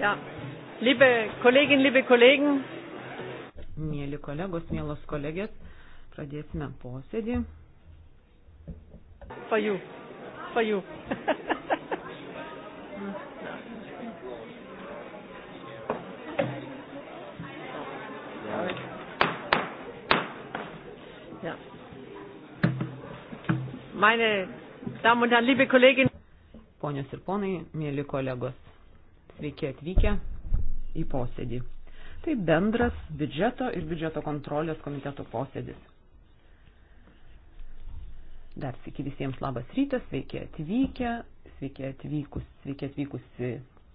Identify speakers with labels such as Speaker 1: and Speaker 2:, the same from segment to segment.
Speaker 1: Ja. Liebe
Speaker 2: Kolleginnen, liebe Kollegen. Mėly kolegos, mėlos kolegės, pradėsime posėdį. For you. For you.
Speaker 1: ja. Meine Damen und Herren, liebe Kolleginnen.
Speaker 2: Ponios ir ponai, mėly kolegos. Sveiki atvykę į posėdį. Tai bendras biudžeto ir biudžeto kontrolės komiteto posėdis. Dar sveiki visiems labas rytas, sveiki atvykę, sveiki, atvykus, sveiki atvykusi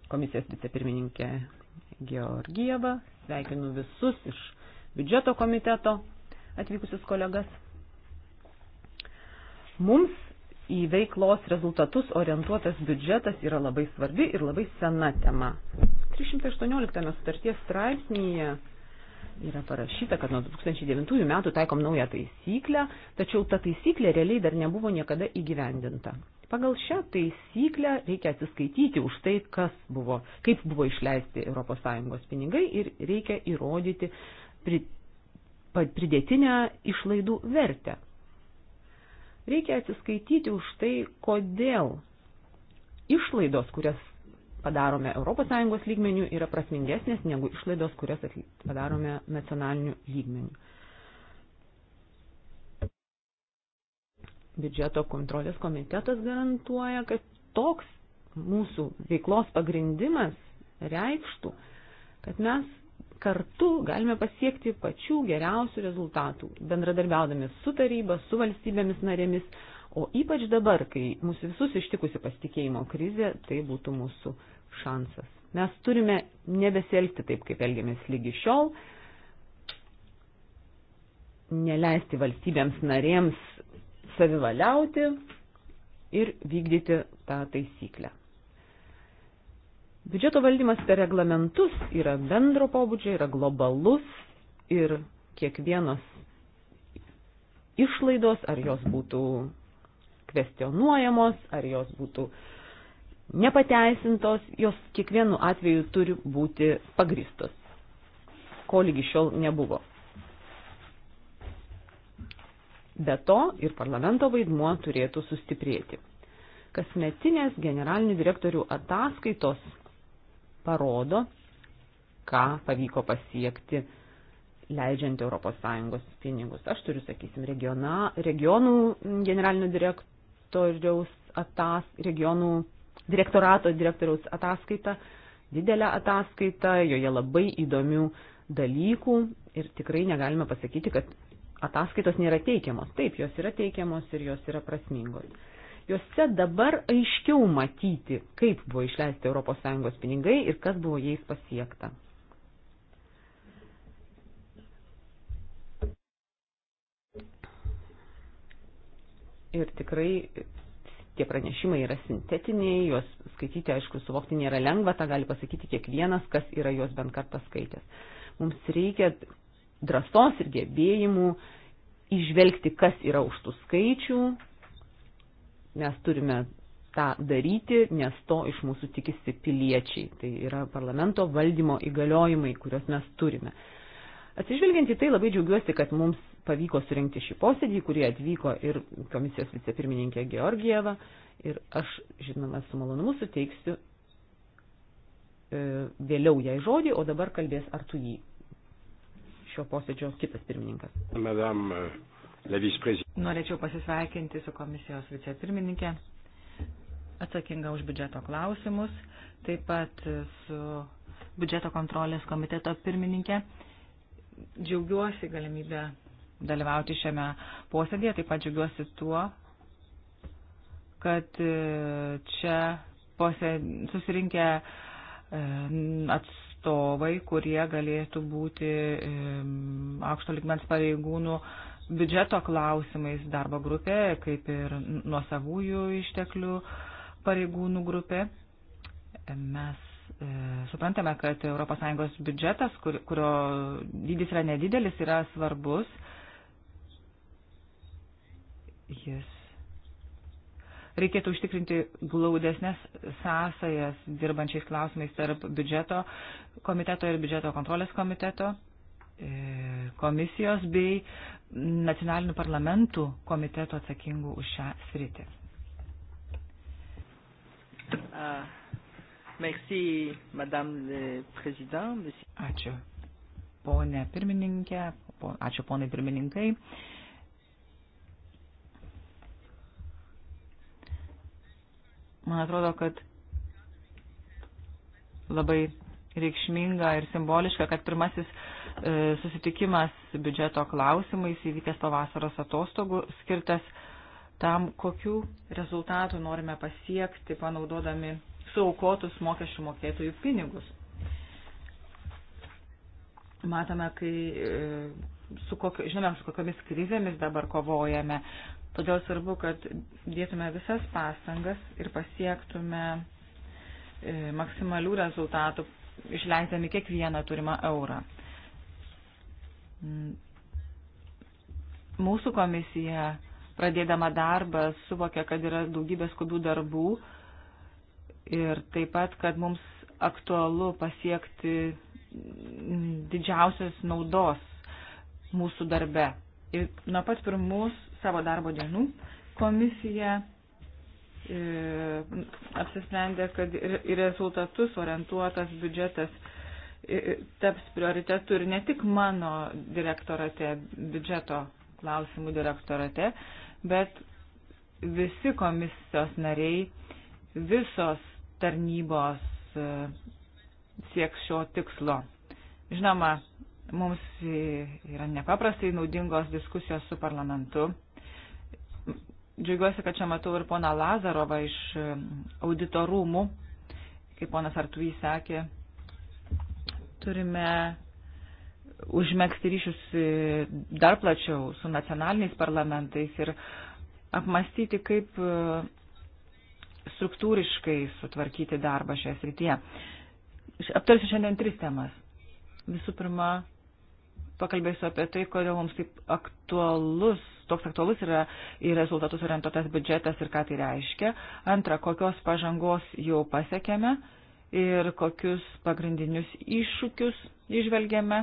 Speaker 2: komisijos vicepirmininkė Georgieva, sveikinu visus iš biudžeto komiteto atvykusius kolegas. Mums į veiklos rezultatus orientuotas biudžetas yra labai svarbi ir labai sena tema. 318 sutarties straipsnėje yra parašyta, kad nuo 2009 metų taikom naują taisyklę, tačiau ta taisyklė realiai dar nebuvo niekada įgyvendinta. Pagal šią taisyklę reikia atsiskaityti už tai, kas buvo, kaip buvo išleisti ES pinigai ir reikia įrodyti pridėtinę išlaidų vertę. Reikia atsiskaityti už tai, kodėl išlaidos, kurias padarome ES lygmenių, yra prasmingesnės negu išlaidos, kurias padarome nacionaliniu lygmeniu. Biudžeto kontrolės komitetas garantuoja, kad toks mūsų veiklos pagrindimas reikštų, kad mes kartu galime pasiekti pačių geriausių rezultatų, bendradarbiaudami su taryba, su valstybėmis narėmis, o ypač dabar, kai mūsų visus ištikusi pasitikėjimo krizė, tai būtų mūsų šansas. Mes turime nebesielgti taip, kaip elgėmės lygi šiol, neleisti valstybėms narėms savivaliauti ir vykdyti tą taisyklę. Biudžeto valdymas per reglamentus yra bendro pobūdžio, yra globalus ir kiekvienos išlaidos, ar jos būtų kvestionuojamos, ar jos būtų nepateisintos, jos kiekvienu atveju turi būti pagristos, ko lygi šiol nebuvo. Be to ir parlamento vaidmuo turėtų sustiprėti. Kasmetinės generalinių direktorių ataskaitos parodo, ką pavyko pasiekti leidžiant ES pinigus. Aš turiu, sakysim, regiona, regionų generalinio direktoriaus atas, regionų direktorato direktoriaus ataskaitą, didelę ataskaitą, joje labai įdomių dalykų ir tikrai negalime pasakyti, kad ataskaitos nėra teikiamos. Taip, jos yra teikiamos ir jos yra prasmingos. Juose dabar aiškiau matyti, kaip buvo išleisti ES pinigai ir kas buvo jais pasiekta. Ir tikrai tie pranešimai yra sintetiniai, juos skaityti, aišku, suvokti nėra lengva, tą gali pasakyti kiekvienas, kas yra juos bent kartą skaitęs. Mums reikia drąsos ir gebėjimų išvelgti, kas yra už tų skaičių, Mes turime tą daryti, nes to iš mūsų tikisi piliečiai. Tai yra parlamento valdymo įgaliojimai, kuriuos mes turime. Atsižvelgiant į tai, labai džiaugiuosi, kad mums pavyko surinkti šį posėdį, kurį atvyko ir komisijos vicepirmininkė Georgieva. Ir aš, žinoma, su malonumu suteiksiu e, vėliau jai žodį, o dabar kalbės Artujį. Šio posėdžio kitas pirmininkas. Madame. Norėčiau pasisveikinti
Speaker 1: su komisijos vicepirmininkė, atsakinga už biudžeto klausimus, taip pat su biudžeto kontrolės komiteto pirmininkė. Džiaugiuosi galimybę dalyvauti šiame posėdėje, taip pat džiaugiuosi tuo, kad e, čia posė, susirinkę e, atstovai, kurie galėtų būti e, aukšto ligmens pareigūnų biudžeto klausimais darbo grupė, kaip ir nuosavųjų išteklių pareigūnų grupė. Mes e, suprantame, kad ES biudžetas, kur, kurio dydis yra nedidelis, yra svarbus. Jis. Reikėtų užtikrinti glaudesnės sąsajas dirbančiais klausimais tarp biudžeto komiteto ir biudžeto kontrolės komiteto e, komisijos bei nacionalinių parlamentų komitetų atsakingų už šią sritį. Ah, ačiū, ponė pirmininkė, ačiū ponai pirmininkai. Man atrodo, kad labai reikšminga ir simboliška, kad pirmasis uh, E, susitikimas biudžeto klausimais įvykęs pavasaros atostogų skirtas tam, kokių rezultatų norime pasiekti, panaudodami suaukotus mokesčių mokėtojų pinigus. Matome, kai, e, su kokio, žinome, su kokiamis krizėmis dabar kovojame. Todėl svarbu, kad dėtume visas pastangas ir pasiektume e, maksimalių rezultatų, išleisdami kiekvieną turimą eurą. Mūsų komisija, pradėdama darbą, suvokė, kad yra daugybė skubių darbų ir taip pat, kad mums aktualu pasiekti didžiausios naudos mūsų darbe. Ir nuo pat pirmus savo darbo dienų komisija e, apsisprendė, kad į rezultatus orientuotas biudžetas taps prioritetu ir ne tik mano direktorate, biudžeto klausimų direktorate, bet visi komisijos nariai, visos tarnybos e, sieks šio tikslo. Žinoma, mums yra nepaprastai naudingos diskusijos su parlamentu. Džiaugiuosi, kad čia matau ir pona Lazarovą iš e, auditorumų, kaip ponas Artuvys sakė, Turime užmėgsti ryšius dar plačiau su nacionaliniais parlamentais ir apmastyti, kaip e, struktūriškai sutvarkyti darbą šioje srityje. Aptarsiu šiandien tris temas. Visų pirma, pakalbėsiu apie tai, kodėl mums taip aktualus, toks aktualus yra į rezultatus orientuotas biudžetas ir ką tai reiškia. Antra, kokios pažangos jau pasiekėme ir kokius pagrindinius iššūkius išvelgiame.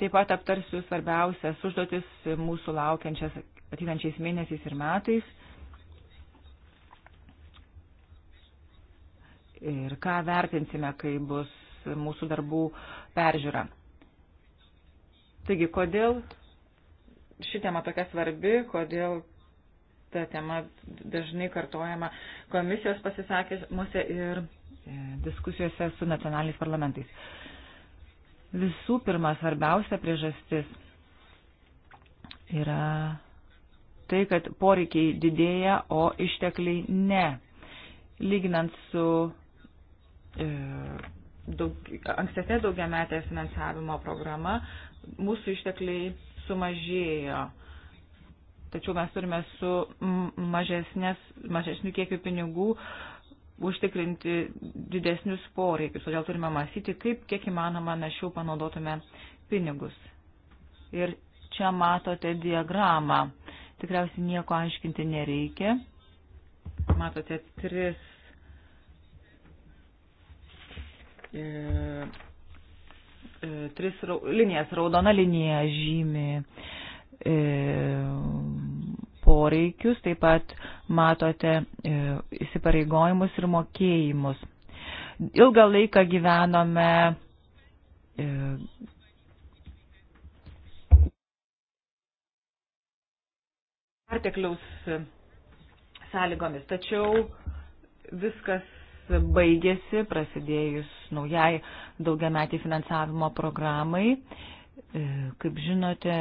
Speaker 1: Taip pat aptarsiu svarbiausias užduotis mūsų laukiančias ateinančiais mėnesiais ir metais. Ir ką vertinsime, kai bus mūsų darbų peržiūra. Taigi, kodėl ši tema tokia svarbi, kodėl ta tema dažnai kartojama komisijos pasisakymuose ir E, diskusijose su nacionaliniais parlamentais. Visų pirma, svarbiausia priežastis yra tai, kad poreikiai didėja, o ištekliai ne. Lyginant su e, daug, ankstesnė daugiametė finansavimo programa, mūsų ištekliai sumažėjo. Tačiau mes turime su mažesnės, mažesnių kiekių pinigų e, užtikrinti didesnius poreikius. Todėl turime mąstyti, kaip kiek įmanoma našiau panaudotume pinigus. Ir čia matote diagramą. Tikriausiai nieko aiškinti nereikia. Matote tris. E, e, tris rau, linijas. Raudona linija žymi e, poreikius, taip pat matote e, įsipareigojimus ir mokėjimus. Ilgą laiką gyvenome e, pertekliaus sąlygomis, tačiau viskas baigėsi prasidėjus naujai daugiametį finansavimo programai E, kaip žinote,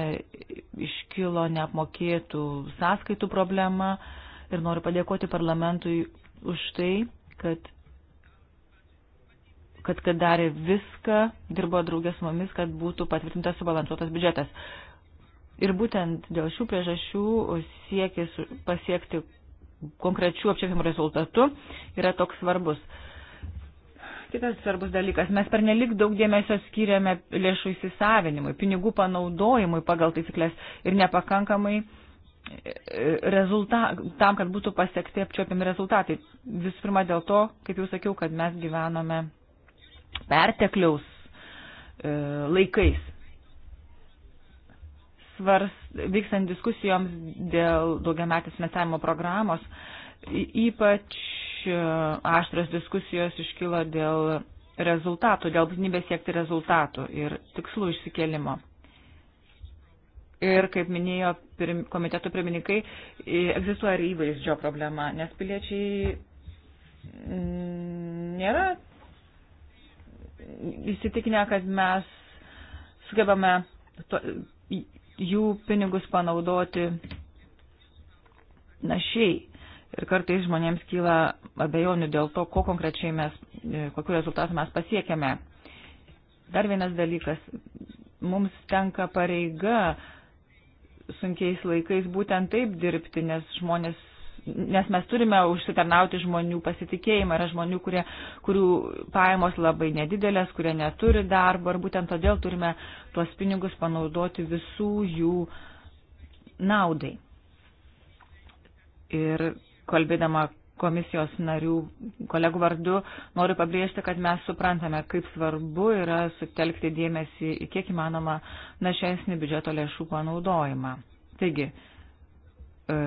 Speaker 1: iškilo neapmokėtų sąskaitų problema ir noriu padėkoti parlamentui už tai, kad, kad, kad darė viską, dirbo draugės su mumis, kad būtų patvirtintas subalansuotas biudžetas. Ir būtent dėl šių priežasčių siekis pasiekti konkrečių apčiopimų rezultatų yra toks svarbus. Kitas svarbus dalykas, mes per nelik daug dėmesio skiriame lėšų įsisavinimui, pinigų panaudojimui pagal taisyklės ir nepakankamai e, rezulta, tam, kad būtų pasiekti apčiopiami rezultatai. Visų pirma dėl to, kaip jau sakiau, kad mes gyvename pertekliaus e, laikais. Svars, vykstant diskusijoms dėl daugiametės finansavimo programos, ypač aštras diskusijos iškilo dėl rezultatų, dėl būtinybės siekti rezultatų ir tikslų išsikelimo. Ir, kaip minėjo pirm, komiteto pirmininkai, egzistuoja ir įvaizdžio problema, nes piliečiai mm, nėra įsitikinę, kad mes sugebame to, jų pinigus panaudoti našiai ir kartais žmonėms kyla abejonių dėl to, ko konkrečiai mes, e, kokiu rezultatu mes pasiekėme. Dar vienas dalykas, mums tenka pareiga sunkiais laikais būtent taip dirbti, nes žmonės, nes mes turime užsitarnauti žmonių pasitikėjimą, yra žmonių, kurie, kurių pajamos labai nedidelės, kurie neturi darbo ir būtent todėl turime tuos pinigus panaudoti visų jų naudai. Ir kalbėdama komisijos narių kolegų vardu, noriu pabrėžti, kad mes suprantame, kaip svarbu yra sutelkti dėmesį į kiek įmanoma našesnį biudžeto lėšų panaudojimą. Taigi, e,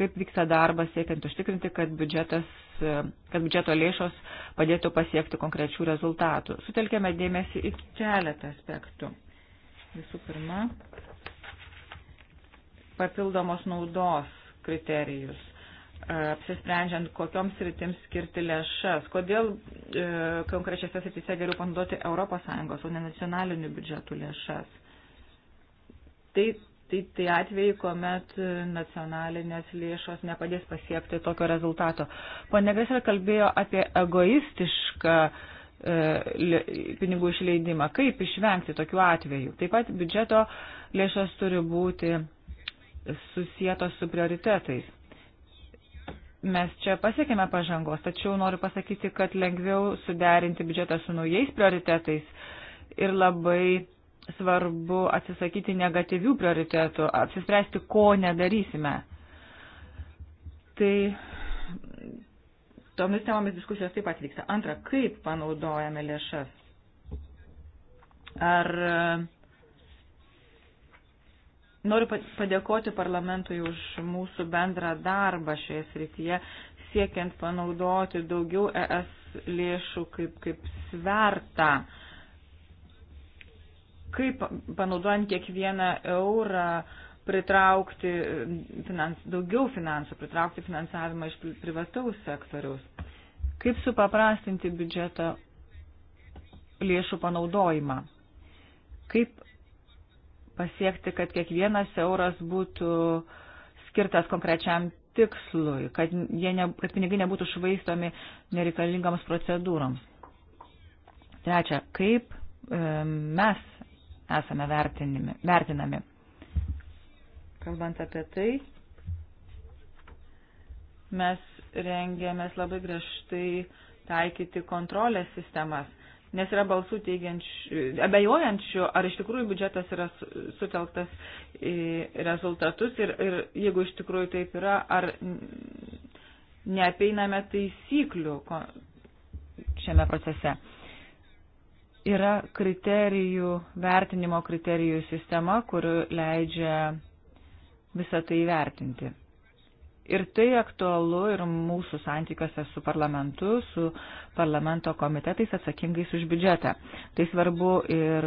Speaker 1: kaip vyksta darbas siekiant užtikrinti, kad, biudžetas, e, kad biudžeto lėšos padėtų pasiekti konkrečių rezultatų. Sutelkėme dėmesį į keletą aspektų. Visų pirma, papildomos naudos kriterijus, e, apsisprendžiant, kokioms sritims skirti lėšas, kodėl e, konkrečiose srityse geriau panaudoti ES, o ne nacionalinių biudžetų lėšas. Tai, tai, tai atvejai, kuomet nacionalinės lėšos nepadės pasiekti tokio rezultato. Pane Gresler kalbėjo apie egoistišką e, pinigų išleidimą. Kaip išvengti tokių atvejų? Taip pat biudžeto lėšos turi būti susijėtos su prioritetais. Mes čia pasiekėme pažangos, tačiau noriu pasakyti, kad lengviau suderinti biudžetą su naujais prioritetais ir labai svarbu atsisakyti negatyvių prioritetų, apsispręsti, ko nedarysime. Tai tomis temomis diskusijos taip pat vyksta. Antra, kaip panaudojame lėšas? Ar Noriu padėkoti parlamentui už mūsų bendrą darbą šioje srityje, siekiant panaudoti daugiau ES lėšų kaip, kaip svertą. Kaip panaudojant kiekvieną eurą pritraukti finans, daugiau finansų, pritraukti finansavimą iš privataus sektoriaus. Kaip supaprastinti biudžeto lėšų panaudojimą. Kaip pasiekti, kad kiekvienas euras būtų skirtas konkrečiam tikslui, kad, ne, kad pinigai nebūtų švaistomi nereikalingams procedūroms. Trečia, kaip e, mes esame vertinami. Kalbant apie tai, mes rengėmės labai griežtai taikyti kontrolės sistemas nes yra balsų teigiančių, abejojančių, ar iš tikrųjų biudžetas yra sutelktas į rezultatus ir, ir jeigu iš tikrųjų taip yra, ar neapeiname taisyklių šiame procese. Yra kriterijų, vertinimo kriterijų sistema, kuri leidžia visą tai vertinti. Ir tai aktualu ir mūsų santykiuose su parlamentu, su parlamento komitetais atsakingais už biudžetą. Tai svarbu ir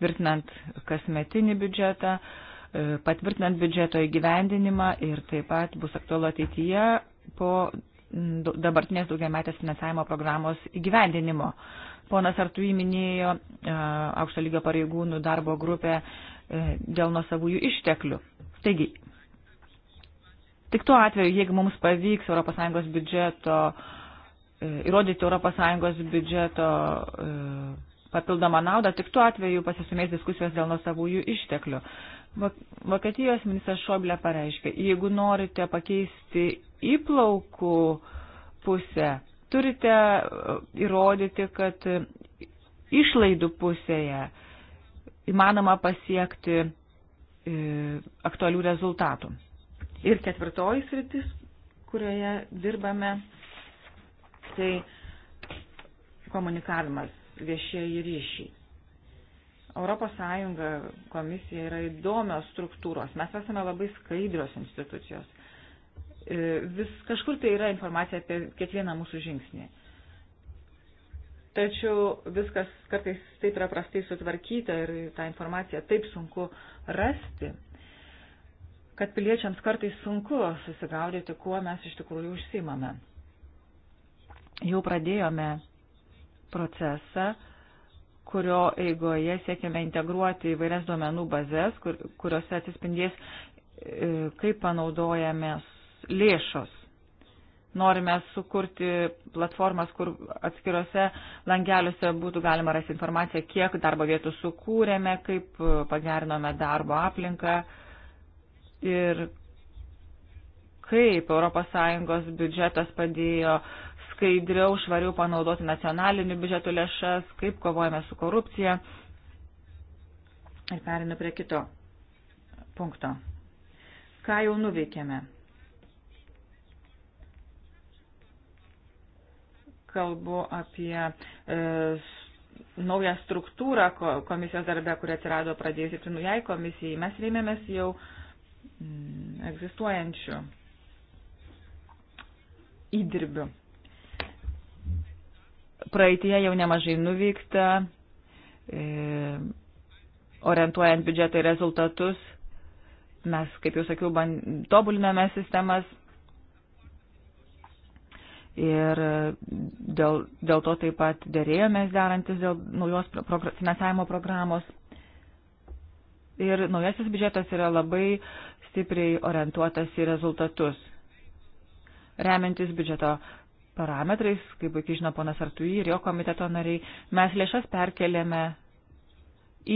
Speaker 1: tvirtinant kasmetinį biudžetą, e, patvirtinant biudžeto įgyvendinimą ir taip pat bus aktualu ateityje po dabartinės daugiametės finansavimo programos įgyvendinimo. Ponas Artui minėjo e, aukšto lygio pareigūnų darbo grupę e, dėl nuosavųjų išteklių. Taigi, Tik tuo atveju, jeigu mums pavyks ES biudžeto, e, įrodyti ES biudžeto e, papildomą naudą, tik tuo atveju pasisumės diskusijos dėl nusavųjų išteklių. Vokietijos ministras Šoblė pareiškė, jeigu norite pakeisti įplaukų pusę, turite e, įrodyti, kad išlaidų pusėje įmanoma pasiekti aktualių rezultatų. Ir ketvirtoji sritis, kurioje dirbame, tai komunikavimas, viešieji ryšiai. Europos Sąjunga, komisija yra įdomios struktūros. Mes esame labai skaidrios institucijos. E, vis kažkur tai yra informacija apie kiekvieną mūsų žingsnį. Tačiau viskas kartais taip yra prastai sutvarkyta ir tą informaciją taip sunku rasti kad piliečiams kartais sunku susigaudyti, kuo mes iš tikrųjų užsimame. Jau pradėjome procesą, kurio eigoje siekiame integruoti įvairias duomenų bazės, kur, kuriuose atsispindės, e, kaip panaudojame lėšos. Norime sukurti platformas, kur atskiruose langeliuose būtų galima rasti informaciją, kiek darbo vietų sukūrėme, kaip e, pagerinome darbo aplinką, uh, ir kaip ES biudžetas padėjo skaidriau, švariau panaudoti nacionalinių biudžetų lėšas, kaip kovojame su korupcija. Ir perinu prie kito punkto. Ką jau nuveikėme? Kalbu apie e, naują struktūrą komisijos darbe, kuri atsirado pradėjus įtinu jai komisijai. Mes rėmėmės jau e, Mm, egzistuojančių įdirbių. Praeitie jau nemažai nuvykta, e, orientuojant biudžetą į rezultatus. Mes, kaip jau sakiau, tobuliname sistemas ir dėl, dėl to taip pat dėrėjomės derantis dėl naujos pro, pro, finansavimo programos. Ir naujasis biudžetas yra labai stipriai orientuotas į rezultatus. Remiantis biudžeto parametrais, kaip puikiai žino ponas Artui ir jo komiteto nariai, mes lėšas perkeliame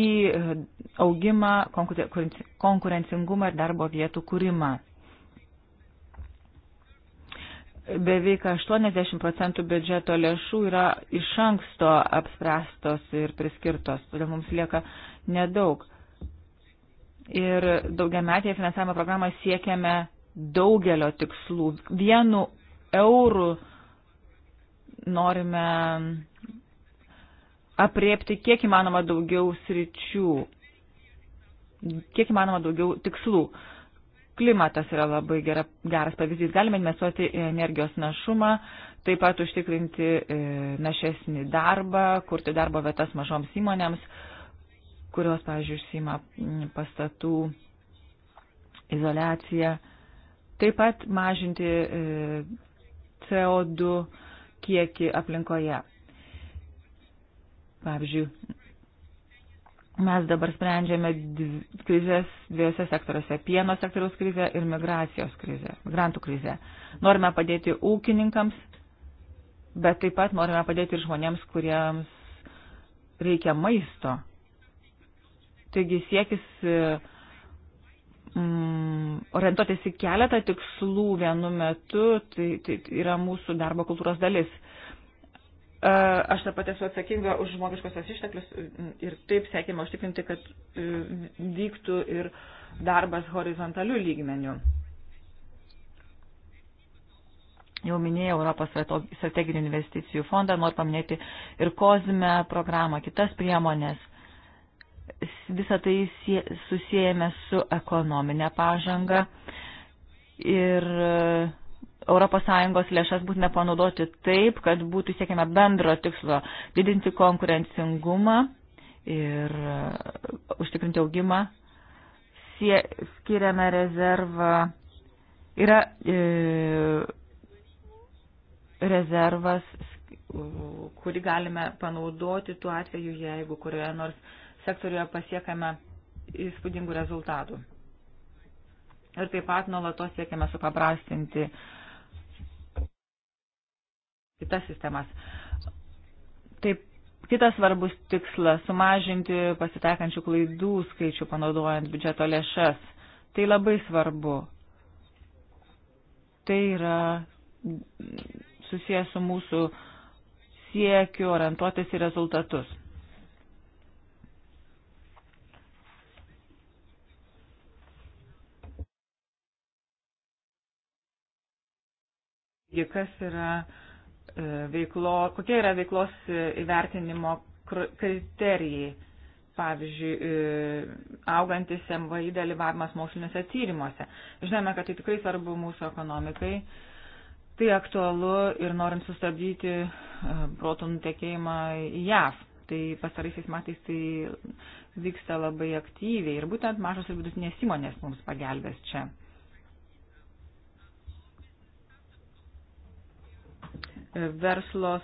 Speaker 1: į e, augimą, konkurencingumą ir darbo vietų kūrimą. Beveik 80 procentų biudžeto lėšų yra iš anksto apspręstos ir priskirtos, todėl mums lieka nedaug ir daugiametėje finansavimo programoje siekiame daugelio tikslų. Vienu eurų norime apriepti kiek įmanoma daugiau sričių, kiek įmanoma daugiau tikslų. Klimatas yra labai gera, geras pavyzdys. Galime investuoti į energijos našumą, taip pat užtikrinti e, našesnį darbą, kurti darbo vietas mažoms įmonėms kurios, pavyzdžiui, užsima mm, pastatų izolaciją. Taip pat mažinti e, CO2 kiekį aplinkoje. Pavyzdžiui, mes dabar sprendžiame krizės dviejose sektoriuose - pieno sektoriaus krizę ir migracijos krizę, migrantų krizę. Norime padėti ūkininkams, bet taip pat norime padėti ir žmonėms, kuriems reikia maisto. Taigi siekis e, mm, orientuotis į keletą tikslų vienu metu, tai, tai yra mūsų darbo kultūros dalis. E, aš taip pat esu atsakinga už žmogiškosios išteklius ir taip siekime užtikrinti, kad e, vyktų ir darbas horizontalių lygmenių. Jau minėjau Europos strateginių investicijų fondą, noriu paminėti ir COSME programą, kitas priemonės visą tai susijęme su ekonominė pažanga ir ES lėšas būtina panaudoti taip, kad būtų siekiama bendro tikslo didinti konkurencingumą ir e, užtikrinti augimą. Sie, skiriame rezervą. Yra e, rezervas, kurį galime panaudoti tuo atveju, jeigu kurioje nors sektoriuje pasiekame įspūdingų rezultatų. Ir taip pat nuolatos siekiame supaprastinti kitas sistemas. Taip, kitas svarbus tikslas - sumažinti pasitaikančių klaidų skaičių panaudojant biudžeto lėšas. Tai labai svarbu. Tai yra susijęs su mūsų siekiu orientuotis į rezultatus. Taigi, kas yra e, veiklo, kokie yra veiklos e, įvertinimo kriterijai. Pavyzdžiui, e, augantis MVI dalyvavimas moksliniuose tyrimuose. Žinome, kad tai tikrai svarbu mūsų ekonomikai. Tai aktualu ir norint sustabdyti protų nutekėjimą į JAV. Tai pastaraisiais metais tai vyksta labai aktyviai ir būtent mažos ir vidutinės įmonės mums pagelbės čia. verslo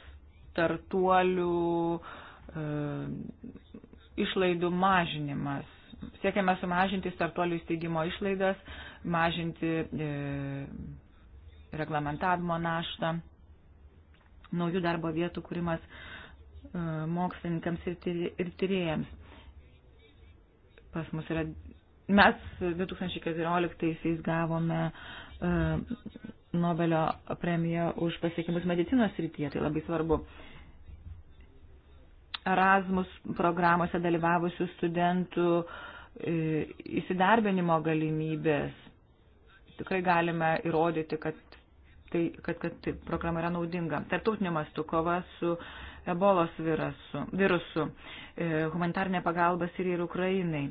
Speaker 1: startuolių e, išlaidų mažinimas. Siekiame sumažinti startuolių įsteigimo išlaidas, mažinti e, reglamentavimo naštą, naujų darbo vietų kūrimas e, mokslininkams ir tyrėjams. Pas mus yra. Mes 2014-aisiais gavome Nobelio premiją už pasiekimus medicinos rytyje, tai labai svarbu. Erasmus programuose dalyvavusių studentų e, įsidarbinimo galimybės. Tikrai galime įrodyti, kad, tai, kad, kad tai programa yra naudinga. Tartautinio mastu kova su ebolos virusu, virusu e, humanitarinė pagalba Sirijai ir Ukrainai,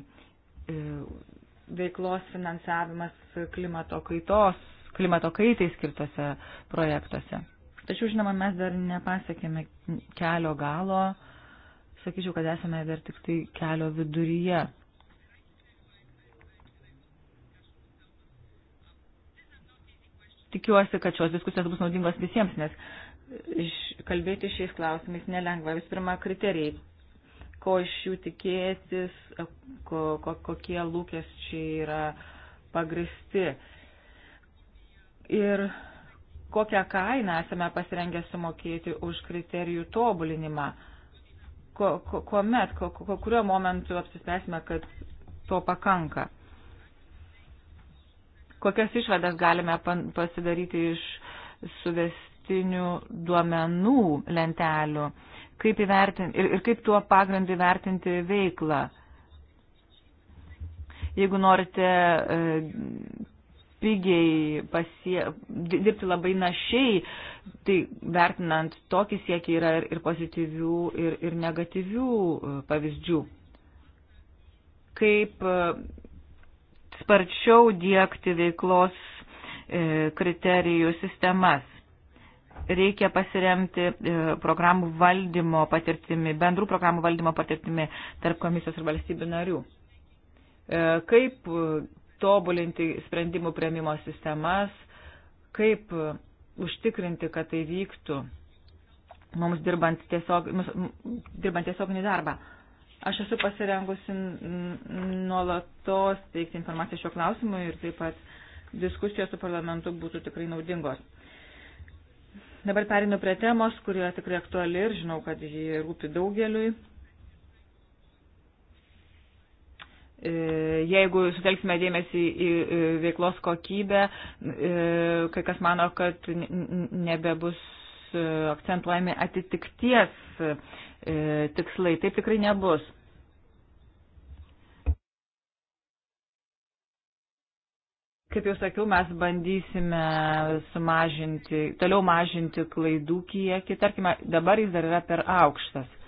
Speaker 1: e, veiklos finansavimas klimato kaitos klimato kaitai skirtose projektuose. Tačiau, žinoma, mes dar nepasiekėme kelio galo, sakyčiau, kad esame dar tik tai kelio viduryje. Tikiuosi, kad šios diskusijos bus naudingos visiems, nes iš, kalbėti šiais klausimais nelengva. Vis pirma, kriterijai, ko iš jų tikėtis, ko, ko, kokie lūkesčiai yra pagristi ir kokią kainą esame pasirengę sumokėti už kriterijų tobulinimą. Ko, ko, kuomet, ko, ko, kuriuo momentu apsispręsime, kad to pakanka. Kokias išvadas galime pasidaryti iš suvestinių duomenų lentelių kaip įvertinti ir, ir kaip tuo pagrindu įvertinti veiklą. Jeigu norite e, pigiai pasie, dirbti labai našiai, tai vertinant tokį siekį yra ir, ir pozityvių, ir, ir negatyvių e, pavyzdžių. Kaip e, sparčiau dėkti veiklos e, kriterijų sistemas. Reikia pasiremti programų valdymo patirtimi, bendrų programų valdymo patirtimi tarp komisijos ir valstybių narių. Kaip tobulinti sprendimų prieimimo sistemas, kaip užtikrinti, kad tai vyktų mums dirbant, tiesiog, mums dirbant tiesioginį darbą. Aš esu pasirengusi nuolatos teikti informaciją šiuo klausimu ir taip pat diskusijos su parlamentu būtų tikrai naudingos. Dabar perinu prie temos, kuri yra tikrai aktuali ir žinau, kad ji rūpi daugeliui. E, jeigu sutelksime dėmesį į veiklos kokybę, e, kai kas mano, kad nebebus e, akcentuojami atitikties tikslai. Taip tikrai nebus. Kaip jau sakiau, mes bandysime sumažinti, toliau mažinti klaidų kiekį. Tarkime, dabar jis dar yra per aukštas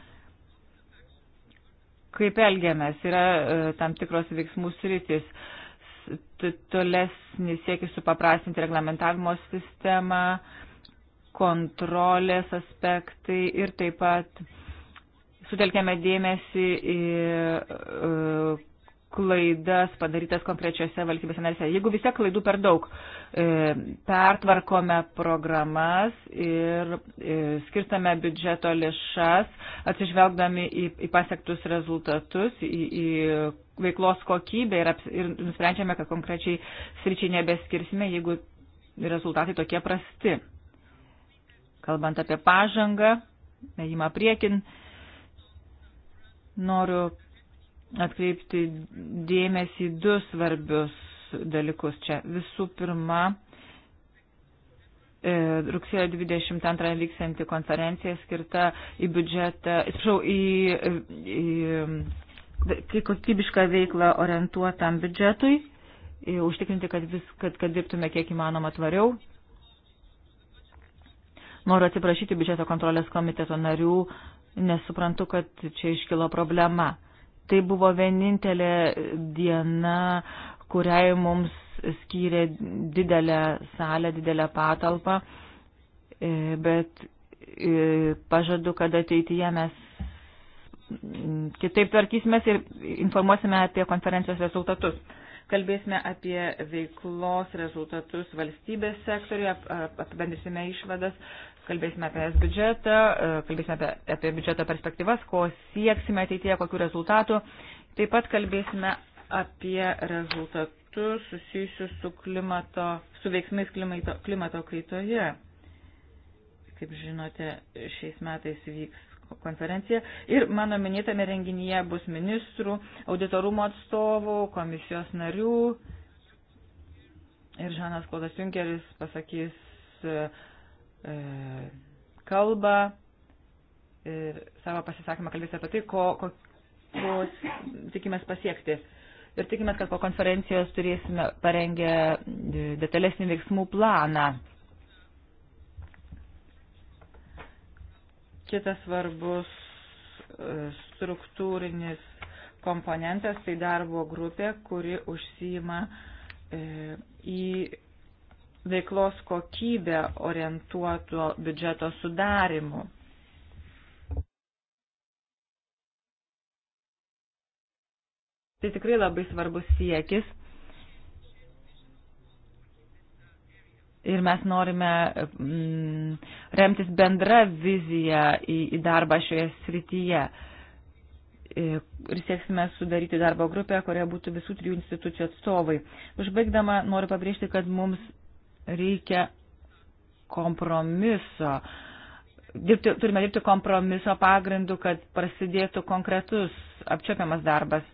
Speaker 1: kaip elgiamės, yra e, tam tikros veiksmų sritis, tolesnis siekis supaprastinti reglamentavimo sistemą, kontrolės aspektai ir taip pat sutelkėme dėmesį į e, klaidas padarytas konkrečiose valstybėse narėse. Jeigu vis tiek klaidų per daug, e, pertvarkome programas ir e, skirstame biudžeto lėšas, atsižvelgdami į, į pasiektus rezultatus, į, į veiklos kokybę ir, aps, ir nusprendžiame, kad konkrečiai sričiai nebeskirsime, jeigu rezultatai tokie prasti. Kalbant apie pažangą, ėjimą priekin, noriu atkreipti dėmesį du svarbius dalykus čia. Visų pirma, e, rugsėjo 22 vyksianti konferencija skirta į biudžetą, atsiprašau, į, į, į kokybišką veiklą orientuotam biudžetui, užtikrinti, kad, vis, kad, kad dirbtume kiek įmanoma tvariau. Noriu atsiprašyti biudžeto kontrolės komiteto narių, nes suprantu, kad čia iškilo problema. Tai buvo vienintelė diena, kuriai mums skyrė didelę salę, didelę patalpą, e, bet e, pažadu, kad ateityje mes kitaip tvarkysimės ir informuosime apie konferencijos rezultatus. Kalbėsime apie veiklos rezultatus valstybės sektoriuje, apibendrisime išvadas, Kalbėsime apie es biudžetą, e, kalbėsime apie, apie biudžeto perspektyvas, ko sieksime ateityje, kokiu rezultatu. Taip pat kalbėsime apie rezultatus susijusius su, klimato, su veiksmais klimato, klimato kaitoje. Kaip žinote, šiais metais vyks konferencija. Ir mano minėtame renginyje bus ministrų, auditorumo atstovų, komisijos narių. Ir Žanas Klodas Junkeris pasakys e, E, kalbą ir savo pasisakymą kalbės apie tai, ko, ko, ko tikimės pasiekti. Ir tikimės, kad po konferencijos turėsime parengę detalesnį veiksmų planą. Kitas svarbus e, struktūrinis komponentas tai darbo grupė, kuri užsijima e, į veiklos kokybę orientuoto biudžeto sudarimu. Tai tikrai labai svarbus siekis. Ir mes norime mm, remtis bendrą viziją į, į darbą šioje srityje ir sieksime sudaryti darbo grupę, kurioje būtų visų trijų institucijų atstovai. Užbaigdama noriu pabrėžti, kad mums Reikia kompromiso. Dirbti, turime dirbti kompromiso pagrindu, kad prasidėtų konkretus apčiopiamas darbas.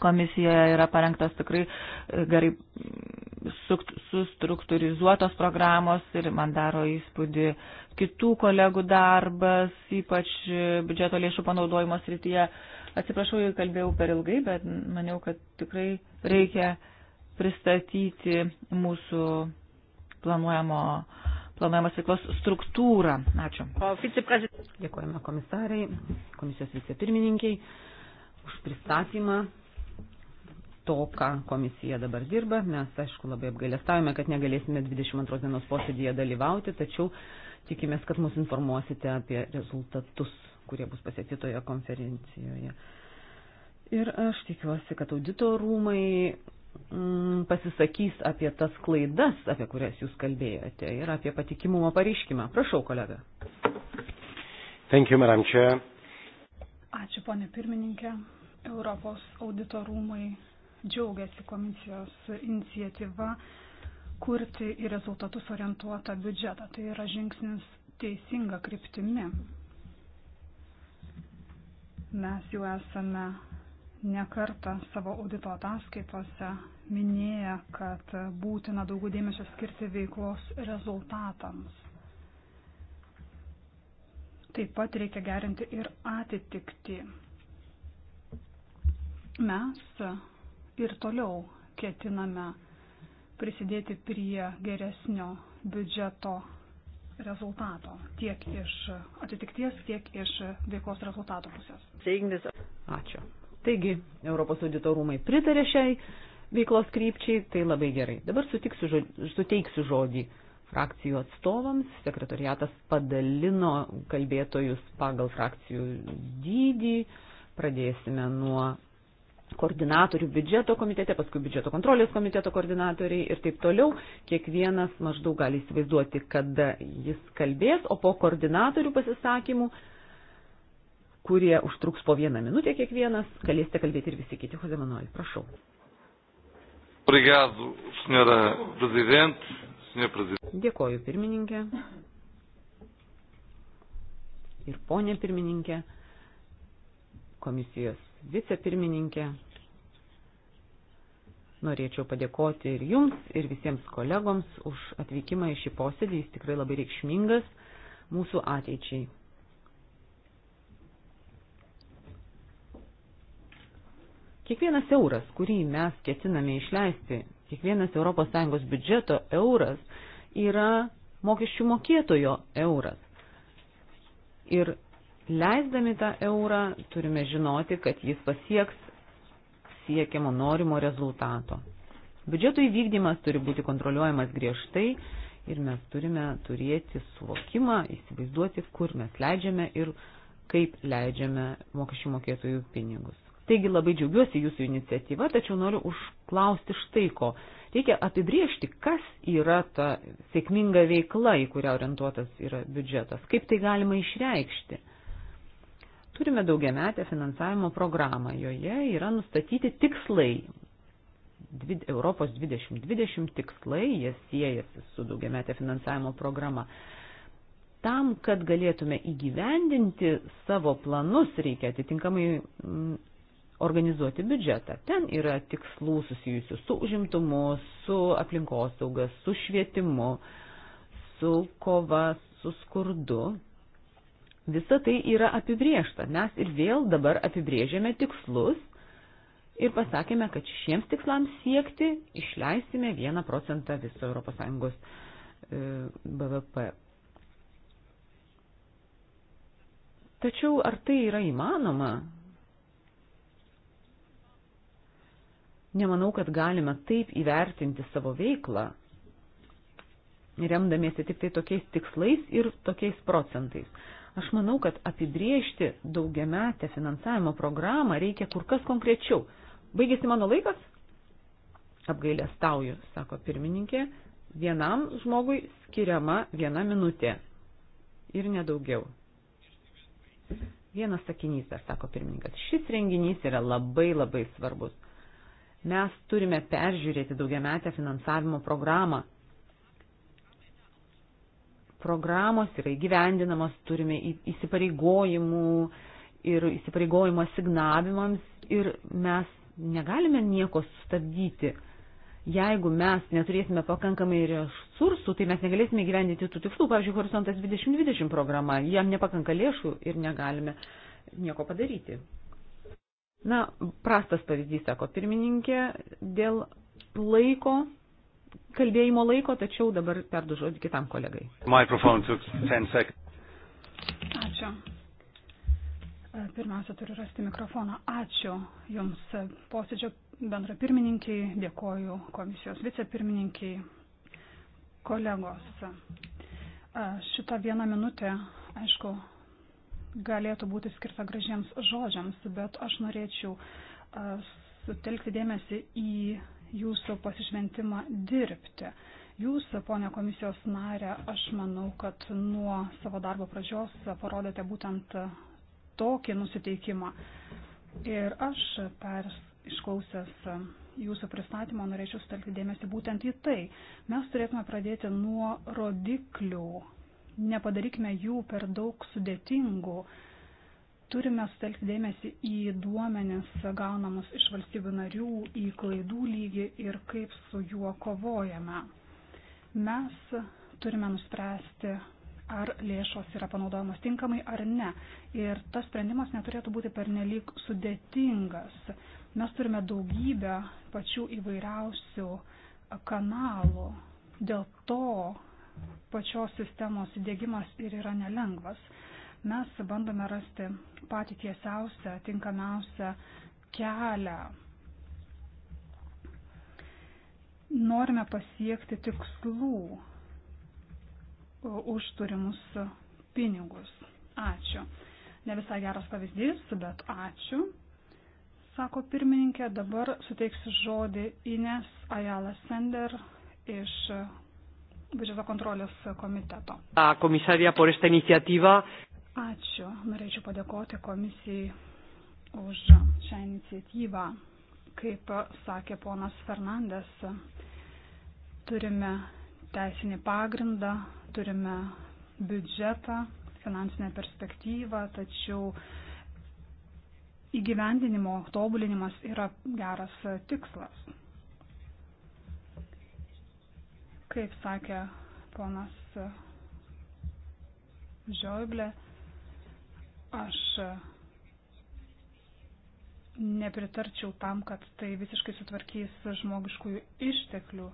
Speaker 1: Komisijoje yra parengtos tikrai e, gerai sustruktūrizuotos programos ir man daro įspūdį kitų kolegų darbas, ypač e, biudžeto lėšų panaudojimo srityje. Atsiprašau, jei kalbėjau per ilgai, bet maniau, kad tikrai reikia pristatyti mūsų planuojamo, planuojamos veiklos
Speaker 2: struktūrą. Ačiū. Dėkojame komisarai, komisijos vicepirmininkiai už pristatymą to, ką komisija dabar dirba. Mes, aišku, labai apgailestavome, kad negalėsime 22 dienos posėdėje dalyvauti, tačiau tikimės, kad mus informuosite apie rezultatus, kurie bus pasiekti toje konferencijoje. Ir aš tikiuosi, kad audito rūmai mm, pasisakys apie tas klaidas, apie kurias jūs kalbėjote, ir apie patikimumo pareiškimą. Prašau, kolega.
Speaker 1: Thank you, Madam Chair.
Speaker 3: Ačiū, ponė pirmininkė. Europos audito rūmai džiaugiasi komisijos iniciatyva kurti į rezultatus orientuotą biudžetą. Tai yra žingsnis teisinga kryptimi. Mes jau esame nekarta savo audito ataskaitose minėję, kad būtina daugiau dėmesio skirti veiklos rezultatams. Taip pat reikia gerinti ir atitikti. Mes ir toliau ketiname prisidėti prie geresnio biudžeto rezultato, tiek iš atitikties, tiek iš veiklos rezultato pusės.
Speaker 2: Ačiū. Taigi, Europos audito rūmai pritarė šiai veiklos krypčiai, tai labai gerai. Dabar sutiksiu, suteiksiu žodį frakcijų atstovams. Sekretariatas padalino kalbėtojus pagal frakcijų dydį. Pradėsime nuo koordinatorių biudžeto komitete, paskui biudžeto kontrolės komiteto koordinatoriai ir taip toliau. Kiekvienas maždaug gali įsivaizduoti, kada jis kalbės, o po koordinatorių pasisakymų kurie užtruks po vieną minutę kiekvienas, galėsite kalbėti ir visi kiti. Jose Manuel, prašau.
Speaker 1: Obrigado, senhora Presidente. Senhor Presidente.
Speaker 2: Dėkoju, pirmininkė. Ir ponė pirmininkė, komisijos vicepirmininkė. Norėčiau padėkoti ir jums, ir visiems kolegoms už atvykimą į šį posėdį. Jis tikrai labai reikšmingas mūsų ateičiai. Kiekvienas euras, kurį mes ketiname išleisti, kiekvienas ES biudžeto euras yra mokesčių mokėtojo euras. Ir leisdami tą eurą turime žinoti, kad jis pasieks siekiamo norimo rezultato. Biudžeto įvykdymas turi būti kontroliuojamas griežtai ir mes turime turėti suvokimą, įsivaizduoti, kur mes leidžiame ir kaip leidžiame mokesčių mokėtojų pinigus. Taigi labai džiaugiuosi jūsų iniciatyva, tačiau noriu užklausti štai ko. Reikia apibriežti, kas yra ta sėkminga veikla, į kurią orientuotas yra biudžetas, kaip tai galima išreikšti. Turime daugiametę finansavimo programą, joje yra nustatyti tikslai Europos 2020 tikslai, jie siejasi su daugiametė finansavimo programa. Tam, kad galėtume įgyvendinti savo planus, reikia atitinkamai organizuoti biudžetą. Ten yra tikslų susijusių su užimtumu, su aplinkosauga, su švietimu, su kova, su skurdu. Visa tai yra apibriešta. Mes ir vėl dabar apibrėžėme tikslus ir pasakėme, kad šiems tikslams siekti išleisime 1 procentą viso ES e, BVP. Tačiau ar tai yra įmanoma? Nemanau, kad galime taip įvertinti savo veiklą, remdamiesi tik tai tokiais tikslais ir tokiais procentais. Aš manau, kad apibriežti daugiametę finansavimo programą reikia kur kas konkrečiau. Baigėsi mano laikas? Apgailę stauju, sako pirmininkė. Vienam žmogui skiriama viena minutė. Ir nedaugiau. Vienas sakinys dar, sako pirmininkas. Šis renginys yra labai labai svarbus. Mes turime peržiūrėti daugiametę finansavimo programą. Programos yra įgyvendinamos, turime įsipareigojimų ir įsipareigojimo signavimams ir mes negalime nieko sustabdyti jeigu mes neturėsime pakankamai resursų, tai mes negalėsime gyvendinti tų tikslų. Pavyzdžiui, Horizontas 2020 programa, jam nepakanka lėšų ir negalime nieko padaryti. Na, prastas pavyzdys, sako pirmininkė, dėl laiko, kalbėjimo laiko, tačiau dabar perdu žodį kitam kolegai.
Speaker 3: Ačiū. E, pirmiausia, turiu rasti mikrofoną. Ačiū Jums e, posėdžio bendra pirmininkiai, dėkoju komisijos vicepirmininkiai, kolegos. E, šitą vieną minutę, aišku, galėtų būti skirta gražiems žodžiams, bet aš norėčiau sutelkti dėmesį į jūsų pasišventimą dirbti. Jūs, ponia komisijos narė, aš manau, kad nuo savo darbo pradžios parodėte būtent tokį nusiteikimą. Ir aš per išklausęs jūsų pristatymo norėčiau sutelkti dėmesį būtent į tai. Mes turėtume pradėti nuo rodiklių nepadarykime jų per daug sudėtingų. Turime sutelkti dėmesį į duomenis gaunamus iš valstybių narių, į klaidų lygį ir kaip su juo kovojame. Mes turime nuspręsti, ar lėšos yra panaudojamos tinkamai ar ne. Ir tas sprendimas neturėtų būti pernelyg sudėtingas. Mes turime daugybę pačių įvairiausių kanalų. Dėl to pačios sistemos įdėgymas ir yra nelengvas. Mes bandome rasti patį tiesiausią, tinkamiausią kelią. Norime pasiekti tikslų uh, už turimus pinigus. Ačiū. Ne visai geras pavyzdys, bet ačiū. Sako pirmininkė, dabar suteiksiu žodį Ines Ajala Sender iš biudžeto kontrolės komiteto. Komisarija,
Speaker 2: por
Speaker 1: esta iniciatyva.
Speaker 3: Ačiū. Norėčiau padėkoti komisijai už šią iniciatyvą. Kaip sakė ponas Fernandes, turime teisinį pagrindą, turime biudžetą, finansinę perspektyvą, tačiau įgyvendinimo tobulinimas yra geras tikslas. Kaip sakė ponas Žioiblė, aš nepritarčiau tam, kad tai visiškai sutvarkys žmogiškųjų išteklių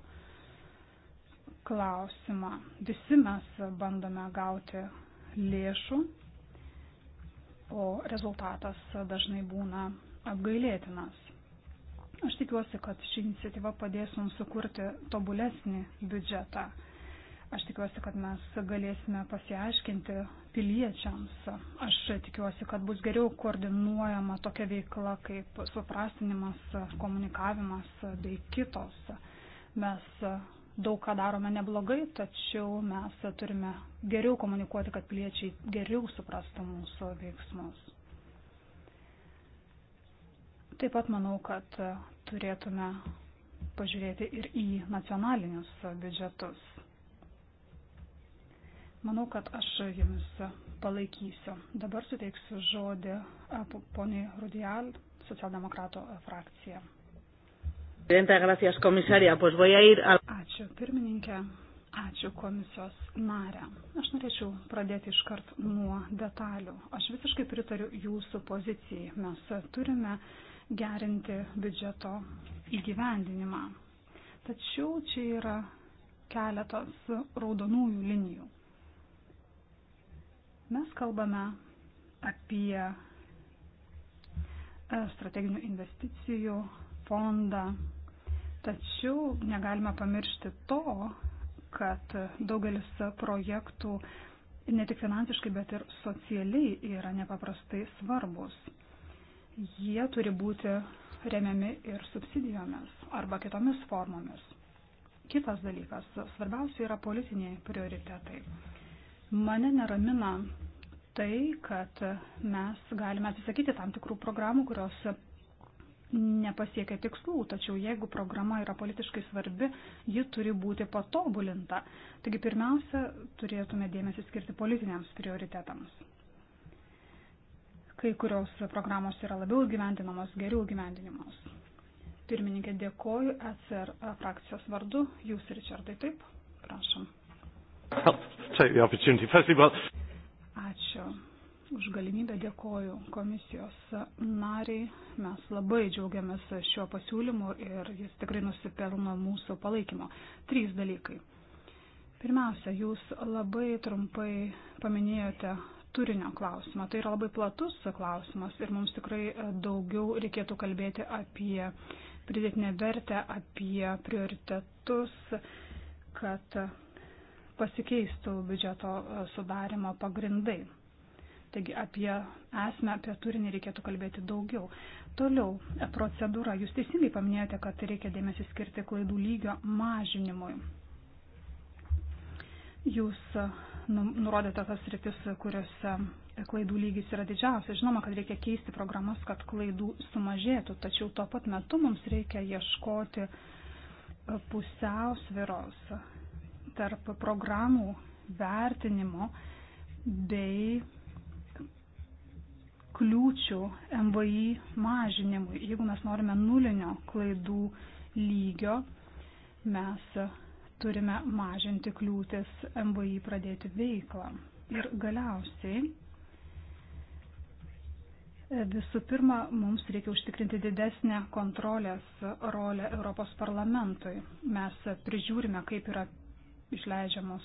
Speaker 3: klausimą. Visi mes bandome gauti lėšų, o rezultatas dažnai būna apgailėtinas. Aš tikiuosi, kad ši iniciatyva padės mums sukurti tobulesnį biudžetą. Aš tikiuosi, kad mes galėsime pasiaiškinti piliečiams. Aš tikiuosi, kad bus geriau koordinuojama tokia veikla kaip suprastinimas, komunikavimas bei kitos. Mes daug ką darome neblogai, tačiau mes turime geriau komunikuoti, kad piliečiai geriau suprastų mūsų veiksmus. Taip pat manau, kad turėtume pažiūrėti ir į nacionalinius biudžetus. Manau, kad aš jumis palaikysiu. Dabar suteiksiu žodį poniai Rudial, socialdemokrato frakcija. Ačiū pirmininkė, ačiū komisijos narę. Aš norėčiau pradėti iškart nuo detalių. Aš visiškai pritariu jūsų pozicijai. Mes turime uh, gerinti biudžeto įgyvendinimą. Tačiau čia yra keletas raudonųjų linijų. Mes kalbame apie e, strateginių investicijų fondą, tačiau negalime pamiršti to, kad daugelis projektų ne tik finansiškai, bet ir socialiai yra nepaprastai svarbus jie turi būti remiami ir subsidijomis arba kitomis formomis. Kitas dalykas, svarbiausia yra politiniai prioritetai. Mane neramina tai, kad mes galime atsisakyti tam tikrų programų, kurios nepasiekia tikslų, tačiau jeigu programa yra politiškai svarbi, ji turi būti patobulinta. Taigi pirmiausia, turėtume dėmesį skirti politiniams prioritetams. Kai kurios programos yra labiau gyvendinamos, geriau gyvendinamos. Pirmininkė, dėkoju ECR frakcijos vardu. Jūs, Richardai, taip? Prašom. Ačiū už galimybę dėkoju komisijos nariai. Mes labai džiaugiamės šiuo pasiūlymu ir jis tikrai nusipelno mūsų palaikymo. Trys dalykai. Pirmiausia, jūs labai trumpai paminėjote turinio klausimą. Tai yra labai platus klausimas ir mums tikrai e, daugiau reikėtų kalbėti apie pridėtinę vertę, apie prioritetus, kad pasikeistų biudžeto e, sudarimo pagrindai. Taigi apie esmę, apie turinį reikėtų kalbėti daugiau. Toliau, e, procedūra. Jūs teisingai paminėjote, kad reikia dėmesį skirti klaidų lygio mažinimui. Jūs Nu, nurodėte tas rytis, kuriuose klaidų lygis yra didžiausias. Žinoma, kad reikia keisti programas, kad klaidų sumažėtų, tačiau tuo pat metu mums reikia ieškoti pusiausviros tarp programų vertinimo bei kliūčių MVI mažinimui. Jeigu mes norime nulinio klaidų lygio, mes turime mažinti kliūtis MBI pradėti veiklą. Ir galiausiai, e, visų pirma, mums reikia užtikrinti didesnę kontrolės rolę Europos parlamentui. Mes prižiūrime, kaip yra išleidžiamos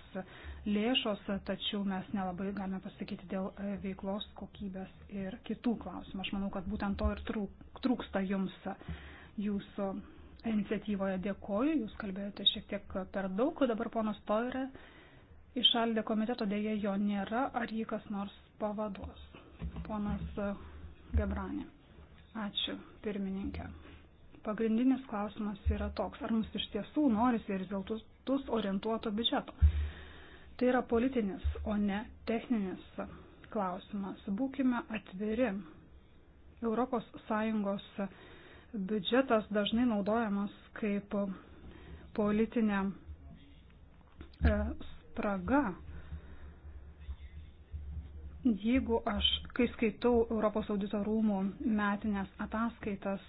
Speaker 3: lėšos, tačiau mes nelabai galime pasakyti dėl e, veiklos kokybės ir kitų klausimų. Aš manau, kad būtent to ir trūksta jums jūsų iniciatyvoje. Dėkoju, jūs kalbėjote šiek tiek per daug, dabar ponas Toirė išaldė komiteto, dėje jo nėra, ar jį kas nors pavaduos. Ponas Gebranė. Ačiū, pirmininkė. Pagrindinis klausimas yra toks, ar mums iš tiesų norisi ir rezultatus orientuoto biudžeto. Tai yra politinis, o ne techninis klausimas. Būkime atviri. Europos Sąjungos biudžetas dažnai naudojamas kaip politinė e, spraga. Jeigu aš, kai skaitau Europos audito rūmų metinės ataskaitas,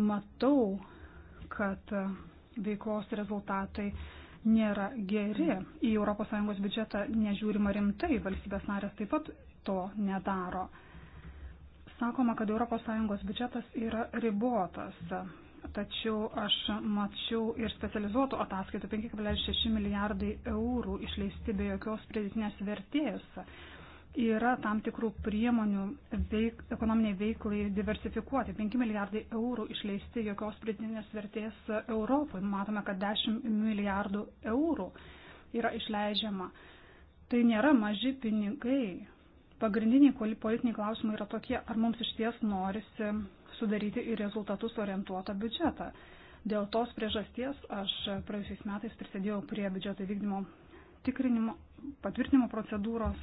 Speaker 3: matau, kad veiklos rezultatai nėra geri, į ES biudžetą nežiūrima rimtai, valstybės narės taip pat to nedaro. Sakoma, kad ES biudžetas yra ribotas, tačiau aš mačiau ir specializuotų ataskaitų 5,6 milijardai eurų išleisti be jokios pridėtinės vertės. Yra tam tikrų priemonių veik, ekonominiai veiklai diversifikuoti. 5 milijardai eurų išleisti jokios pridėtinės vertės Europai. Matome, kad 10 milijardų eurų yra išleidžiama. Tai nėra maži pinigai Pagrindiniai politiniai klausimai yra tokie, ar mums iš ties norisi sudaryti į rezultatus orientuotą biudžetą. Dėl tos priežasties aš praėjusiais metais prisidėjau prie biudžeto vykdymo tikrinimo, patvirtinimo procedūros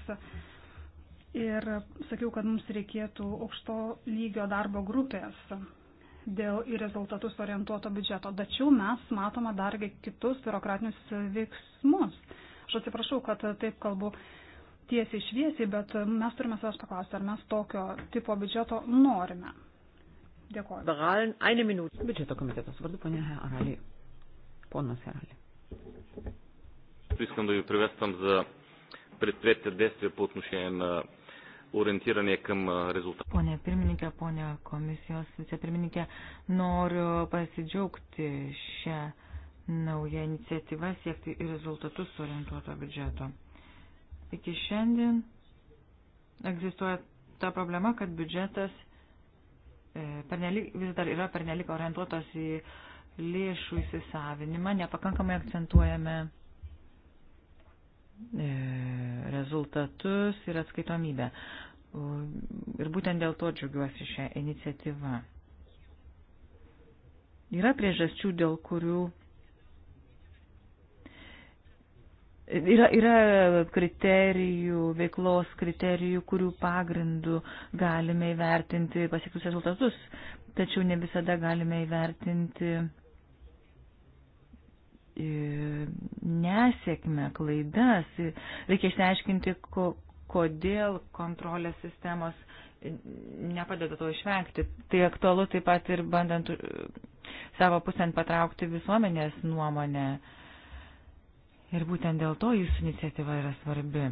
Speaker 3: ir sakiau, kad mums reikėtų aukšto lygio darbo grupės dėl į rezultatus orientuoto biudžeto. Tačiau mes matome dar kitus biurokratinius veiksmus. Aš atsiprašau, kad taip kalbu tiesiai šviesiai, bet mes turime savęs paklausti, ar mes tokio tipo biudžeto norime.
Speaker 2: Dėkuoju. Baralin, eine minutė. Biudžeto komitetas vardu, ponė Herali. Ponas Herali.
Speaker 1: Искам да ви приветствам за предприятите действия по
Speaker 2: отношение на orientiranie към rezultatą.
Speaker 1: Pone pirmininkė, pone komisijos vicepirmininkė, noriu pasidžiaugti šią naują iniciatyvą siekti į rezultatus orientuoto biudžeto iki šiandien egzistuoja ta problema, kad biudžetas e, pernelik, vis dar yra pernelik orientuotas į lėšų įsisavinimą, nepakankamai akcentuojame e, rezultatus ir atskaitomybę. Ir būtent dėl to džiaugiuosi šią iniciatyvą. Yra priežasčių, dėl kurių Yra, yra kriterijų, veiklos kriterijų, kurių pagrindų galime įvertinti pasiektus rezultatus, tačiau ne visada galime įvertinti e, nesėkmę, klaidas. Reikia išsiaiškinti, ko, kodėl kontrolės sistemos nepadeda to išvengti. Tai aktualu taip pat ir bandant e, savo pusę patraukti visuomenės nuomonę. Uh, Ir būtent dėl to jūsų iniciatyva yra svarbi.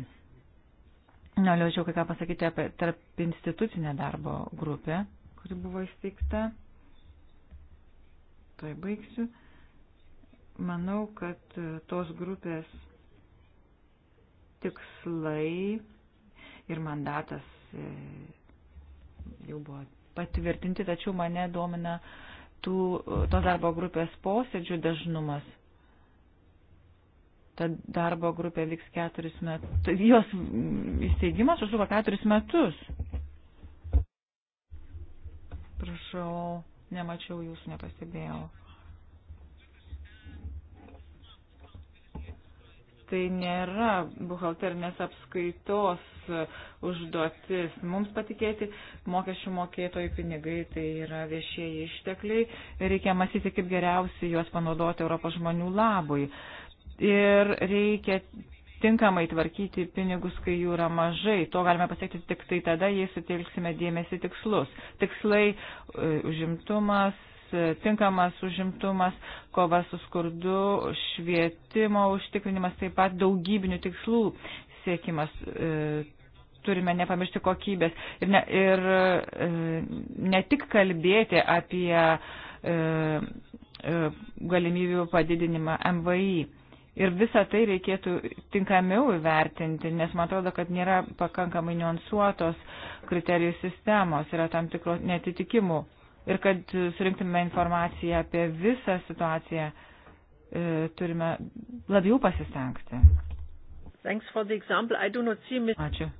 Speaker 1: Norėčiau kai ką pasakyti apie tarp institucinę darbo grupę, kuri buvo įsteigta. Tuoj baigsiu. Manau, kad e, tos grupės tikslai ir mandatas e, jau buvo patvirtinti, tačiau mane domina tų, e, tos darbo grupės posėdžių dažnumas ta darbo grupė vyks keturis metus. Jos įsteigimas užtruko keturis metus. Prašau, nemačiau jūsų, nepastebėjau. Tai nėra buhalterinės apskaitos užduotis. Mums patikėti mokesčių mokėtojų pinigai, tai yra viešieji ištekliai ir reikia masyti, kaip geriausiai juos panaudoti Europos žmonių labui. Uh, ir reikia tinkamai tvarkyti pinigus, kai jų yra mažai. To galime pasiekti tik tai tada, jei sutelksime dėmesį tikslus. Tikslai e, užimtumas, e, tinkamas užimtumas, kova su skurdu, švietimo užtikrinimas, taip pat daugybinių tikslų siekimas. E, turime nepamiršti kokybės ir ne, ir ne tik kalbėti apie galimybių padidinimą MVI Ir visą tai reikėtų tinkamiau įvertinti, nes man atrodo, kad nėra pakankamai niuansuotos kriterijų sistemos, yra tam tikro netitikimų. Ir kad surinktume informaciją apie visą situaciją, e, turime labiau pasistengti. Ačiū.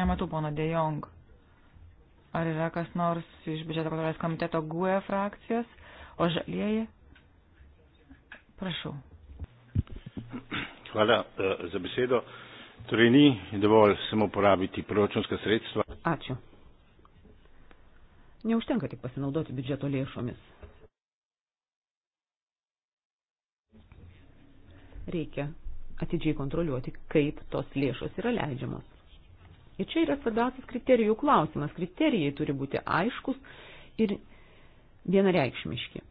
Speaker 1: Nematau pono De Jong. Ar yra kas nors iš biudžeto kontrolės komiteto GUE frakcijos, o žalieji? Prašau. Hvala eh, za besedo. Torej ni dovolj samo porabiti proračunska sredstva.
Speaker 2: Ačiū. Neužtenka tik pasinaudoti biudžeto lėšomis. Reikia atidžiai kontroliuoti, kaip tos lėšos yra leidžiamos. Ir čia yra svarbiausias kriterijų klausimas. Kriterijai turi būti aiškus ir vienareikšmiški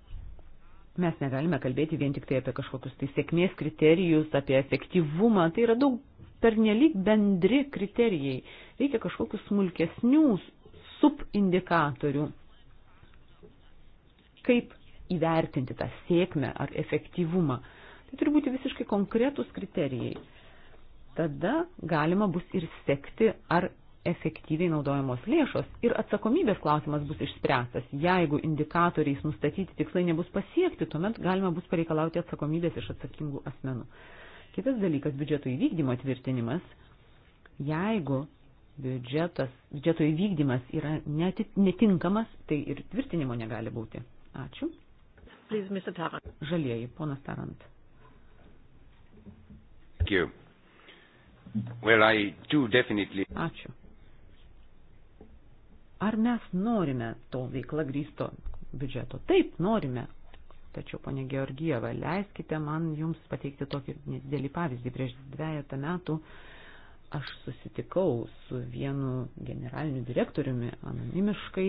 Speaker 2: mes negalime kalbėti vien tik tai apie kažkokius tai sėkmės kriterijus, apie efektyvumą, tai yra daug pernelyg bendri kriterijai. Reikia kažkokių smulkesnių subindikatorių, kaip įvertinti tą sėkmę ar efektyvumą. Tai turi būti visiškai konkretūs kriterijai. Tada galima bus ir sekti, ar efektyviai naudojamos lėšos ir atsakomybės klausimas bus išspręstas. Jeigu indikatoriais nustatyti tikslai nebus pasiekti, tuomet galima bus pareikalauti atsakomybės iš atsakingų asmenų. Kitas dalykas - biudžeto įvykdymo tvirtinimas. Jeigu biudžetas, biudžeto įvykdymas yra netinkamas, tai ir tvirtinimo negali būti. Ačiū. Please, Mr. Tarant. Žalieji, ponas Tarant. Thank you. Well, I do definitely. Ačiū. Ar mes norime to veikla grįsto biudžeto? Taip, norime. Tačiau, ponė Georgieva, leiskite man jums pateikti tokį nedidelį pavyzdį. Prieš dviejatą metų aš susitikau su vienu generaliniu direktoriumi anonimiškai,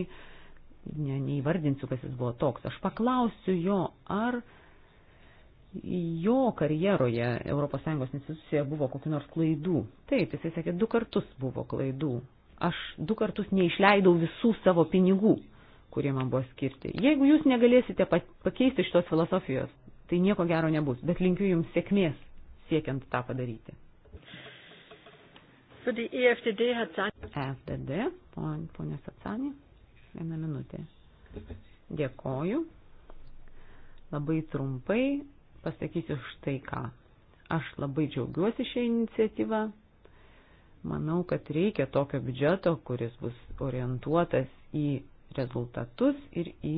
Speaker 2: ne, neįvardinsiu, kas jis buvo toks. Aš paklausiu jo, ar jo karjeroje ES institucija buvo kokiu nors klaidų. Taip, jisai sakė, du kartus buvo klaidų aš du kartus neišleidau visų savo pinigų, kurie man buvo skirti. Jeigu jūs negalėsite pakeisti šitos filosofijos, tai nieko gero nebus, bet linkiu jums sėkmės siekiant tą padaryti. FDD, ponė Satsanė, vieną minutę. Dėkoju. Labai trumpai pasakysiu štai ką. Aš labai džiaugiuosi šią iniciatyvą, Manau, kad reikia tokio biudžeto, kuris bus orientuotas į rezultatus ir į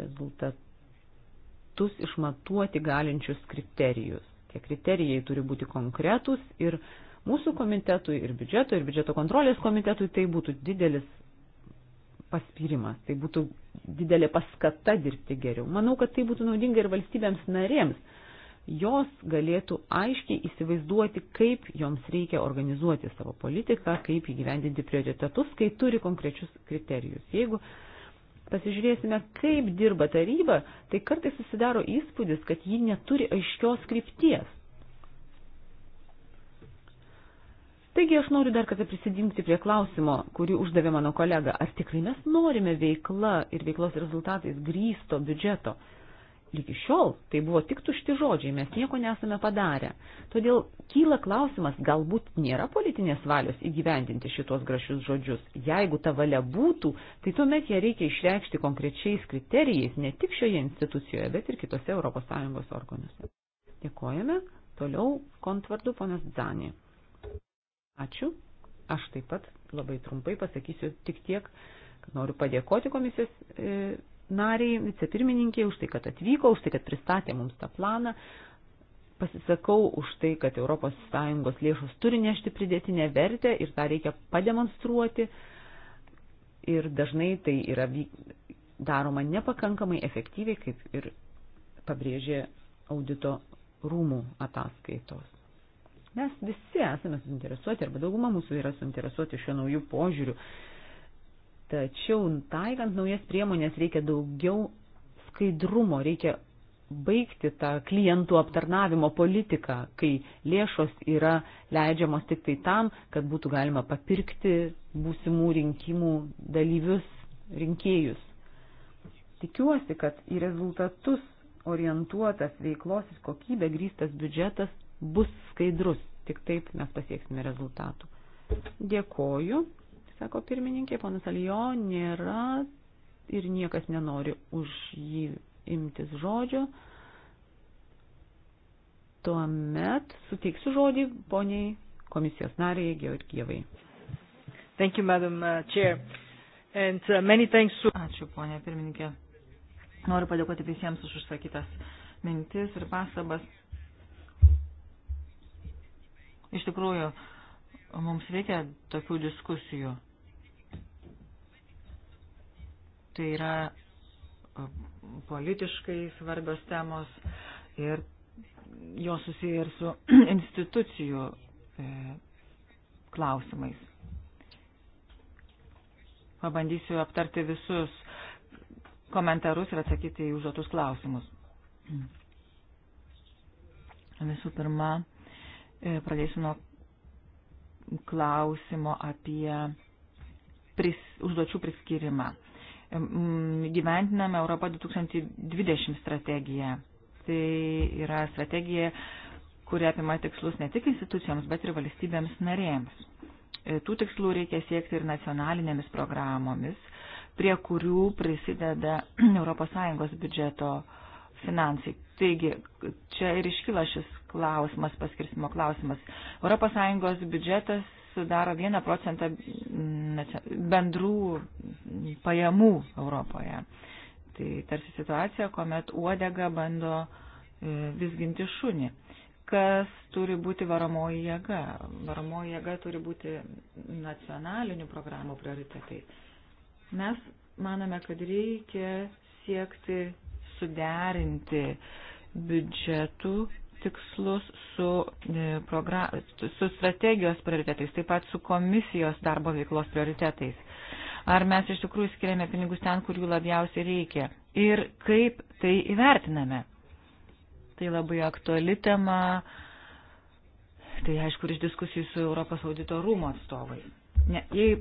Speaker 2: rezultatus išmatuoti galinčius kriterijus. Tie kriterijai turi būti konkretūs ir mūsų komitetui, ir biudžeto, ir biudžeto kontrolės komitetui tai būtų didelis paspyrimas, tai būtų didelė paskata dirbti geriau. Manau, kad tai būtų naudinga ir valstybėms narėms jos galėtų aiškiai įsivaizduoti, kaip joms reikia organizuoti savo politiką, kaip įgyvendinti prioritetus, kai turi konkrečius kriterijus. Jeigu pasižiūrėsime, kaip dirba taryba, tai kartais susidaro įspūdis, kad ji neturi aiškios krypties. Taigi aš noriu dar kartą prisidimti prie klausimo, kurį uždavė mano kolega. Ar tikrai mes norime veikla ir veiklos rezultatais grįsto biudžeto? Lygi šiol tai buvo tik tušti žodžiai, mes nieko nesame padarę. Todėl kyla klausimas, galbūt nėra politinės valios įgyvendinti šitos gražius žodžius. Jeigu ta valia būtų, tai tuomet ją reikia išreikšti konkrečiais kriterijais ne tik šioje institucijoje, bet ir kitose ES organuose. Dėkojame. Toliau kontvardu ponas Dzanė. Ačiū. Aš taip pat labai trumpai pasakysiu tik tiek, kad noriu padėkoti komisijos. E, nariai, vicepirmininkė, už tai, kad atvyko, už tai, kad pristatė mums tą planą. Pasisakau už tai, kad ES lėšos turi nešti pridėtinę vertę ir tą reikia pademonstruoti. Ir dažnai tai yra daroma nepakankamai efektyviai, kaip ir pabrėžė audito rūmų ataskaitos. Mes visi esame suinteresuoti, arba dauguma mūsų yra suinteresuoti šiuo naujų požiūriu Tačiau taikant naujas priemonės reikia daugiau skaidrumo, reikia baigti tą klientų aptarnavimo politiką, kai lėšos yra leidžiamos tik tai tam, kad būtų galima papirkti būsimų rinkimų dalyvius, rinkėjus. Tikiuosi, kad į rezultatus orientuotas veiklos ir kokybę grįstas biudžetas bus skaidrus. Tik taip mes pasieksime rezultatų. Dėkoju sako pirmininkė, ponas Alijo nėra ir niekas nenori už jį imtis žodžio. Tuomet suteiksiu žodį poniai komisijos nariai Georgievai. Thank you, Madam uh, Chair. And uh, many thanks to... Ačiū, ponė pirmininkė.
Speaker 1: Noriu padėkoti visiems už užsakytas mintis ir pastabas. Iš tikrųjų, mums reikia tokių diskusijų. tai yra e, politiškai svarbios temos ir jo susiję ir su institucijų e, klausimais. Pabandysiu aptarti visus komentarus ir atsakyti į užduotus klausimus. Visų pirma, e, pradėsiu nuo klausimo apie pris, užduočių priskirimą. Mm, gyventiname Europą 2020 strategiją. Tai yra strategija, kuria apima tikslus ne tik institucijoms, bet ir valstybėms narėms. E, tų tikslų reikia siekti ir nacionalinėmis programomis, prie kurių prisideda ES biudžeto finansai. Taigi, čia ir iškyla šis klausimas, paskirstimo klausimas. ES biudžetas sudaro 1 procentą bendrų pajamų Europoje. Tai tarsi situacija, kuomet uodega bando e, visginti šunį. Kas turi būti varomoji jėga? Varomoji jėga turi būti nacionalinių programų prioritetai. Mes manome, kad reikia siekti suderinti biudžetų tikslus su, e, program, su strategijos prioritetais, taip pat su komisijos darbo veiklos prioritetais. Ar mes iš tikrųjų skiriame pinigus ten, kur jų labiausiai reikia ir kaip tai įvertiname. Tai labai aktuali tema, tai aišku, iš diskusijų su Europos audito rūmo atstovai. Ne, jei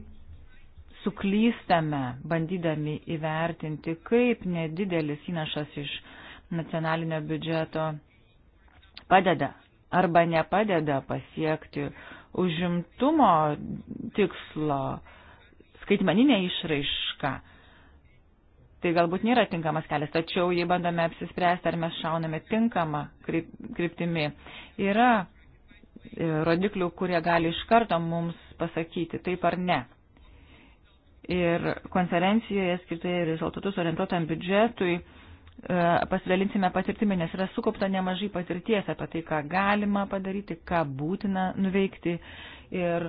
Speaker 1: suklystame, bandydami įvertinti, kaip nedidelis įnašas iš nacionalinio biudžeto padeda arba nepadeda pasiekti užimtumo tikslo skaitmeninė išraiška. Tai galbūt nėra tinkamas kelias, tačiau jį bandome apsispręsti, ar mes šauname tinkamą kryptimi. Yra e, rodiklių, kurie gali iš karto mums pasakyti taip ar ne. Ir konferencijoje skirtoje rezultatus orientuotam biudžetui E, pasidalinsime patirtimi, nes yra sukaupta nemažai patirties apie tai, ką galima padaryti, ką būtina nuveikti ir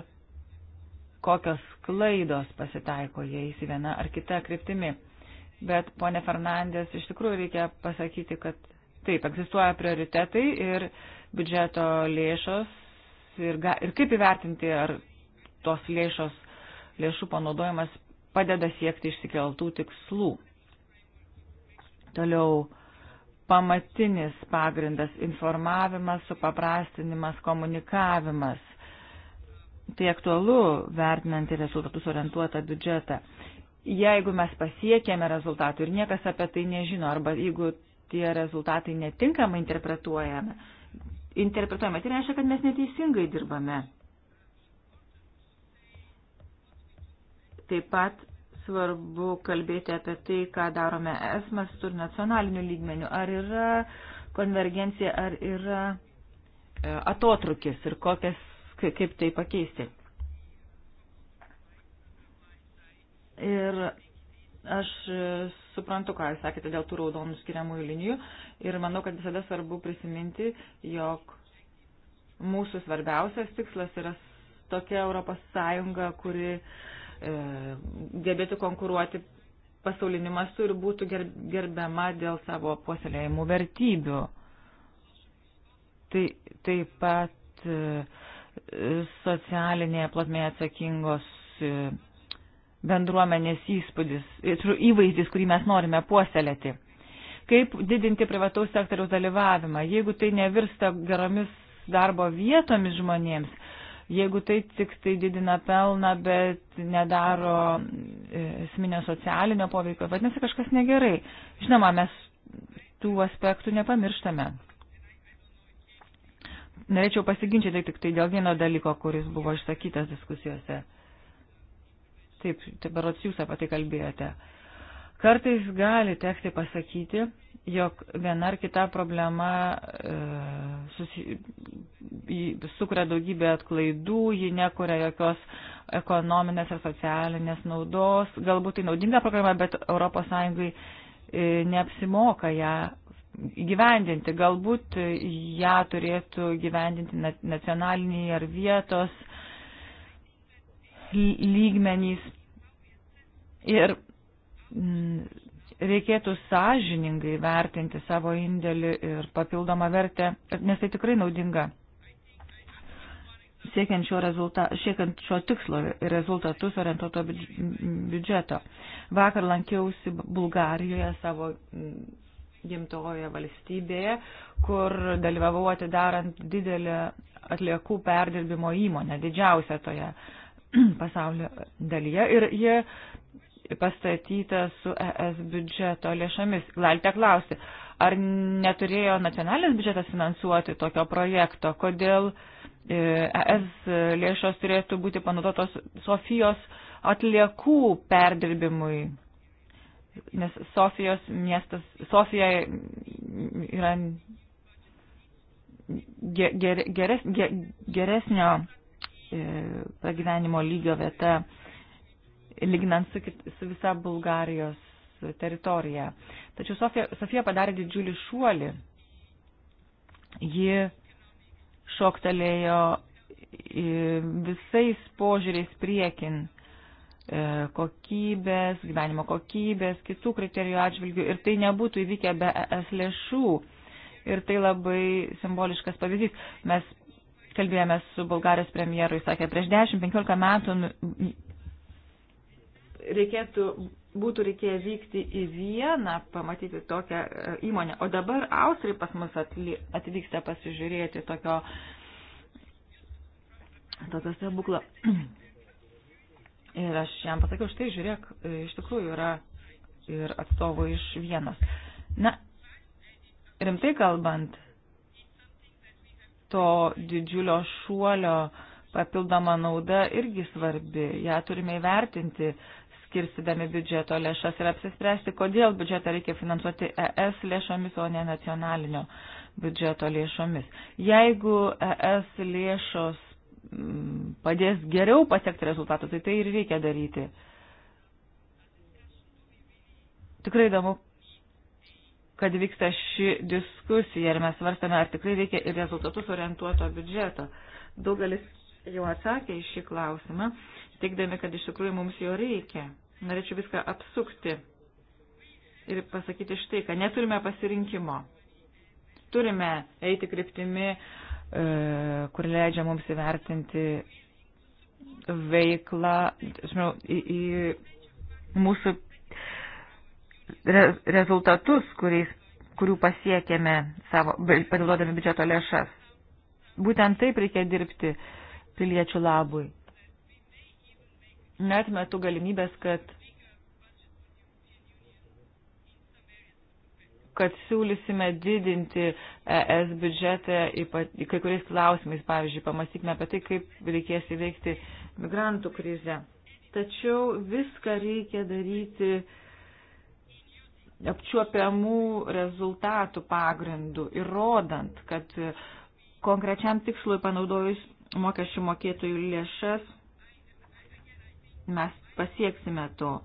Speaker 1: kokios klaidos pasitaiko jais į vieną ar kitą kryptimį. Bet, ponė Fernandės, iš tikrųjų reikia pasakyti, kad taip, egzistuoja prioritetai ir biudžeto lėšos ir, ga, ir kaip įvertinti, ar tos lėšos, lėšų panaudojimas padeda siekti išsikeltų tikslų. Toliau pamatinis pagrindas - informavimas, supaprastinimas, komunikavimas. Tai aktualu vertinant į rezultatus orientuotą biudžetą. Jeigu mes pasiekėme rezultatų ir niekas apie tai nežino, arba jeigu tie rezultatai netinkamai interpretuojame, interpretuojame, tai reiškia, kad mes neteisingai dirbame. Taip pat svarbu kalbėti apie tai, ką darome esmas tur nacionaliniu lygmeniu. Ar yra konvergencija, ar yra e, atotrukis ir kokias, kaip tai pakeisti. Ir aš e, suprantu, ką jūs sakėte dėl tų raudonų skiriamųjų linijų ir manau, kad visada svarbu prisiminti, jog mūsų svarbiausias tikslas yra tokia Europos Sąjunga, kuri uh, E, gebėtų konkuruoti pasauliniu mastu ir būtų gerbiama dėl savo puoselėjimų vertybių. Tai taip pat e, socialinėje plotmėje atsakingos e, bendruomenės įspūdis, įvaizdis, kurį mes norime puoselėti. Kaip didinti privataus sektoriaus dalyvavimą, jeigu tai nevirsta geromis darbo vietomis žmonėms, Jeigu tai tik tai didina pelną, bet nedaro e, esminio socialinio poveikio, vadinasi kažkas negerai. Žinoma, mes tų aspektų nepamirštame. Norėčiau pasiginčyti tik tai dėl vieno dalyko, kuris buvo išsakytas diskusijose. Taip, tai berots jūs apie tai kalbėjote. Kartais gali tekti pasakyti, jog viena ar kita problema e, susi, sukuria daugybę atklaidų, ji nekuria jokios ekonominės ar socialinės naudos. Galbūt tai naudinga programa, bet ES e, neapsimoka ją gyvendinti. Galbūt ją turėtų gyvendinti nacionaliniai ar vietos lygmenys. Ir mm, reikėtų sąžiningai vertinti savo indėlį ir papildomą vertę, nes tai tikrai naudinga. Siekiant šio, rezulta, siekiant šio tikslo ir rezultatus orientuoto biudžeto. Vakar lankiausi Bulgarijoje savo mm, gimtojoje valstybėje, kur dalyvavau atidarant didelę atliekų perdirbimo įmonę, didžiausią toje pasaulio dalyje. Ir jie pastatyta su ES biudžeto lėšomis. Galite klausti, ar neturėjo nacionalinis biudžetas finansuoti tokio projekto, kodėl ES e lėšos turėtų būti panaudotos Sofijos atliekų perdirbimui, nes Sofijos miestas, Sofija yra geres, geresnio e, pragyvenimo lygio vieta lyginant su, kit, su visa Bulgarijos teritorija. Tačiau Sofija, Sofija padarė didžiulį šuolį. Ji šoktelėjo visais požiūriais priekin e, kokybės, gyvenimo kokybės, kitų kriterijų atžvilgių ir tai nebūtų įvykę be ES lėšų. Ir tai labai simboliškas pavyzdys. Mes kalbėjome su Bulgarijos premjeru, jis sakė, prieš 10-15 metų nu, reikėtų, būtų reikėję vykti į vieną, pamatyti tokią e, įmonę. O dabar Austrai pas mus atvyksta pasižiūrėti tokio, tokio stebuklo. Ir aš jam pasakiau, štai žiūrėk, e, iš tikrųjų yra ir atstovų iš vienos. Na, rimtai kalbant, to didžiulio šuolio papildoma nauda irgi svarbi, ją turime įvertinti skirstydami biudžeto lėšas ir apsispręsti, kodėl biudžetą reikia finansuoti ES lėšomis, o ne nacionalinio biudžeto lėšomis. Jeigu ES lėšos mm, padės geriau pasiekti rezultatų, tai tai ir reikia daryti. Tikrai įdomu, kad vyksta ši diskusija ir mes svarstame, ar tikrai reikia ir rezultatus orientuoto biudžeto. Daugelis jau atsakė į šį klausimą, teikdami, kad iš tikrųjų mums jo reikia norėčiau viską apsukti ir pasakyti štai, kad neturime pasirinkimo. Turime eiti kryptimi, e, kur leidžia mums įvertinti veiklą, žinau, į, į mūsų re, rezultatus, kuriais, kurių pasiekėme savo, panaudodami biudžeto lėšas. Būtent taip reikia dirbti piliečių labui net metu galimybės, kad, kad siūlysime didinti ES biudžetą į kai kuriais klausimais, pavyzdžiui, pamastykime apie tai, kaip reikės įveikti migrantų krizę. Tačiau viską reikia daryti apčiuopiamų rezultatų pagrindų, įrodant, kad konkrečiam tikslui panaudojus mokesčių mokėtojų lėšas mes pasieksime to.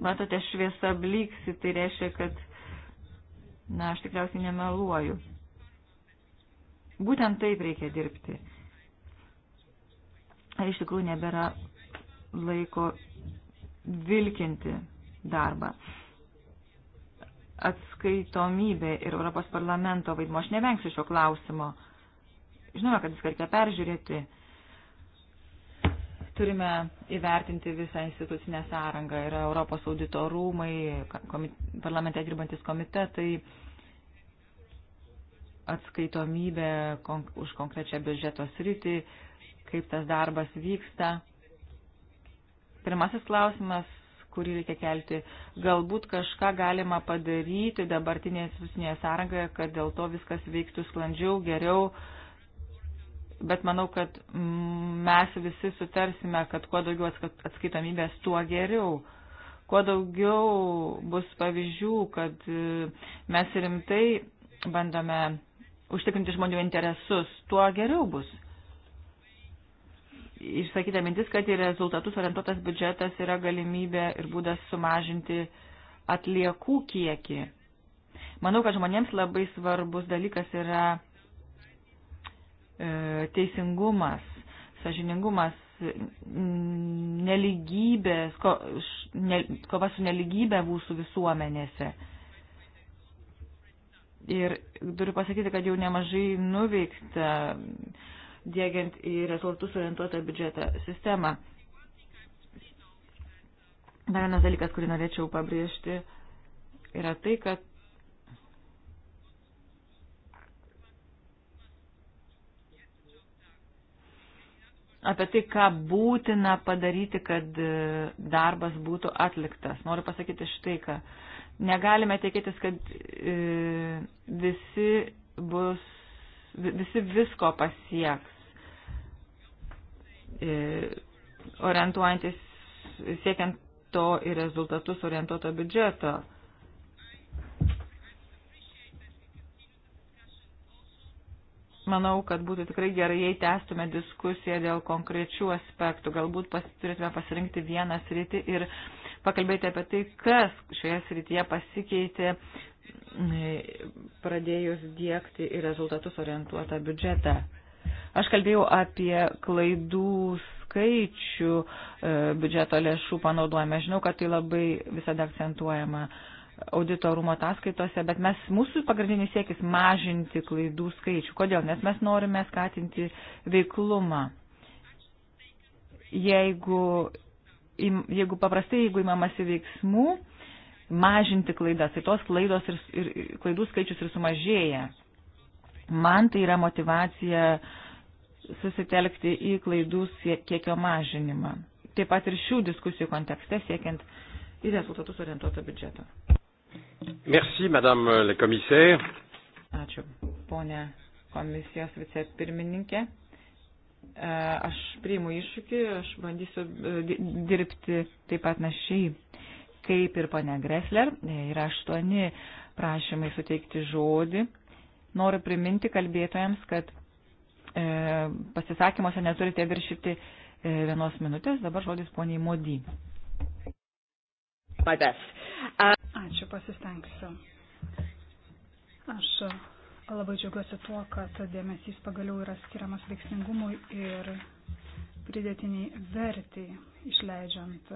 Speaker 1: Matote, šviesa blyksi, tai reiškia, kad, na, aš tikriausiai nemeluoju. Būtent taip reikia dirbti. Ar iš tikrųjų nebėra laiko vilkinti darbą? Atskaitomybė ir Europos parlamento vaidmo. Aš nevengsiu šio klausimo. Žinoma, kad viską reikia peržiūrėti. Turime įvertinti visą institucinę sąrangą. Yra Europos audito rūmai, komit, parlamente dirbantis komitetai, atskaitomybė kon, už konkrečią biudžeto sritį, kaip tas darbas vyksta. Pirmasis klausimas kurį reikia kelti. Galbūt kažką galima padaryti dabartinėje institucinėje sąrangoje, kad dėl to viskas veiktų sklandžiau, geriau, bet manau, kad mes visi sutarsime, kad kuo daugiau atskaitomybės, tuo geriau. Kuo daugiau bus pavyzdžių, kad e, mes rimtai bandome užtikrinti žmonių interesus, tuo geriau bus. Išsakyta mintis, kad į rezultatus orientuotas biudžetas yra galimybė ir būdas sumažinti atliekų kiekį. Manau, kad žmonėms labai svarbus dalykas yra E, teisingumas, sažiningumas, neligybė, ko, ne, kova su neligybė mūsų visuomenėse. Ir turiu pasakyti, kad jau nemažai nuveikta dėgiant į rezultatus orientuotą biudžetą sistemą. Dar vienas dalykas, kurį norėčiau pabrėžti, yra tai, kad apie tai, ką būtina padaryti, kad e, darbas būtų atliktas. Noriu pasakyti štai, ką negalime tikėtis, kad e, visi, bus, visi visko pasieks, e, orientuojantis, siekiant to į rezultatus orientuoto biudžeto. manau, kad būtų tikrai gerai, jei tęstume diskusiją dėl konkrečių aspektų. Galbūt pas, turėtume pasirinkti vieną sritį ir pakalbėti apie tai, kas šioje srityje pasikeitė pradėjus dėkti į rezultatus orientuotą biudžetą. Aš kalbėjau apie klaidų skaičių e, biudžeto lėšų panaudojimą. Žinau, kad tai labai visada akcentuojama. E, auditorumo ataskaitose, bet mes, mūsų pagrindinis siekis mažinti klaidų skaičių. Kodėl? Nes mes norime skatinti veiklumą. Jeigu, jeigu paprastai, jeigu įmamasi veiksmų, mažinti klaidas, tai tos klaidos ir, ir klaidų skaičius ir sumažėja. Man tai yra motivacija susitelkti į klaidų kiekio mažinimą. Taip pat ir šių diskusijų kontekste siekiant į rezultatus orientuoto biudžeto.
Speaker 2: Merci, madame le commissaire.
Speaker 1: Ačiū, ponė komisijos vicepirmininkė. E, aš priimu iššūkį, aš bandysiu e, dirbti taip pat našiai, kaip ir ponia Gressler. E, yra aštuoni prašymai suteikti žodį. Noriu priminti kalbėtojams, kad pasisakymuose neturite viršyti vienos minutės. Dabar žodis poniai Modi.
Speaker 3: My best. Ačiū, pasistengsiu. Aš labai džiaugiuosi tuo, kad dėmesys pagaliau yra skiriamas veiksmingumui ir pridėtiniai vertijai išleidžiant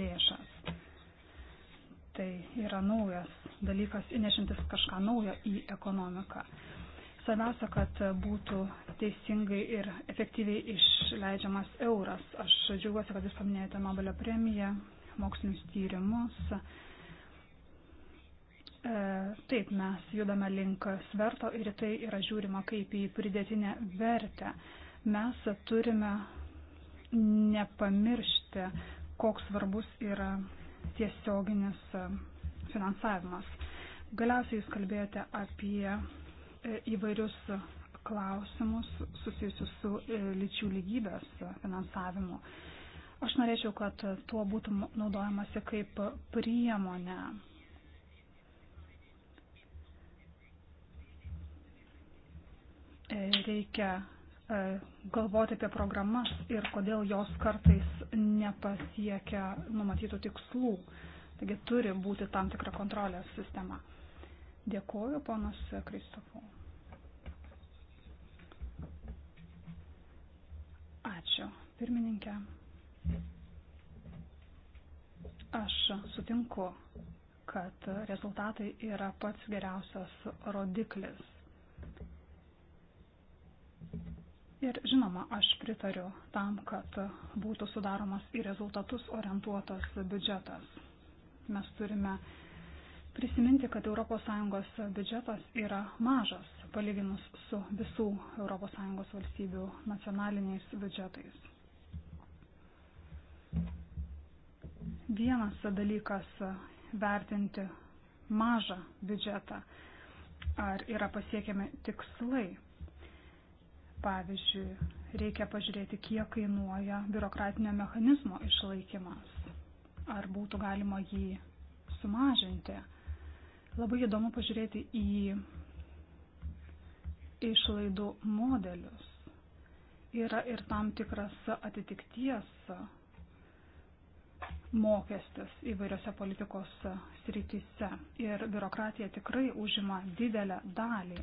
Speaker 3: lėšas. Tai yra naujas dalykas, įnešintis kažką naujo į ekonomiką. Svarbiausia, kad būtų teisingai ir efektyviai išleidžiamas euras. Aš džiaugiuosi, kad jūs paminėjote Nobelio premiją, mokslinius tyrimus. E, taip, mes judame link sverto ir tai yra žiūrima kaip į pridėtinę vertę. Mes turime nepamiršti, koks svarbus yra tiesioginis finansavimas. Galiausiai jūs kalbėjote apie e, įvairius klausimus susijusius su e, lyčių lygybės finansavimu. Aš norėčiau, kad tuo būtų naudojamasi kaip priemonė E, reikia e, galvoti apie programas ir kodėl jos kartais nepasiekia numatytų tikslų. Taigi turi būti tam tikra kontrolės sistema. Dėkuoju, ponas Kristofau. Ačiū, pirmininkė. Aš sutinku, kad rezultatai yra pats geriausias rodiklis Ir žinoma, aš pritariu tam, kad būtų sudaromas į rezultatus orientuotas biudžetas. Mes turime prisiminti, kad ES biudžetas yra mažas palyginus su visų ES valstybių nacionaliniais biudžetais. Vienas dalykas vertinti mažą biudžetą, ar yra pasiekiami tikslai Pavyzdžiui, reikia pažiūrėti, kiek kainuoja biurokratinio mechanizmo išlaikymas. Ar būtų galima jį sumažinti. Labai įdomu pažiūrėti į išlaidų modelius. Yra ir tam tikras atitikties mokestis įvairiose politikos srityse. Ir biurokratija tikrai užima didelę dalį.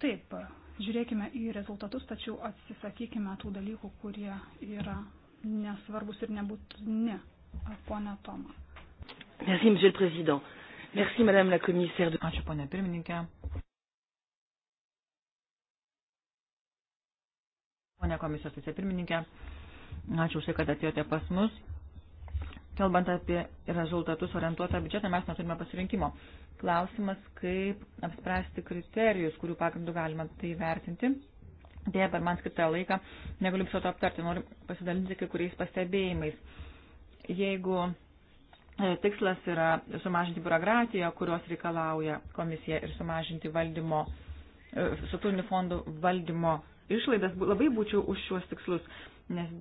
Speaker 3: Taip, Žiūrėkime į rezultatus, tačiau atsisakykime tų dalykų, kurie yra nesvarbus ir nebūtini. Pone Toma.
Speaker 1: Merci, Monsieur le Président. Merci, Madame la Commissaire. Ačiū, ponė pirmininkė. Pone komisijos vicepirmininkė, ačiū už tai, kad atėjote pas mus. Kalbant apie rezultatus orientuotą biudžetą, mes neturime pasirinkimo. Klausimas, kaip apspręsti kriterijus, kurių pagrindų galima tai vertinti. Dėja, per man skirtą laiką negaliu viso to aptarti, noriu pasidalinti kai kuriais pastebėjimais. Jeigu e, tikslas yra sumažinti biurokratiją, kurios reikalauja komisija ir sumažinti valdymo, e, struktūrinių fondų valdymo išlaidas, labai būčiau už šiuos tikslus, nes,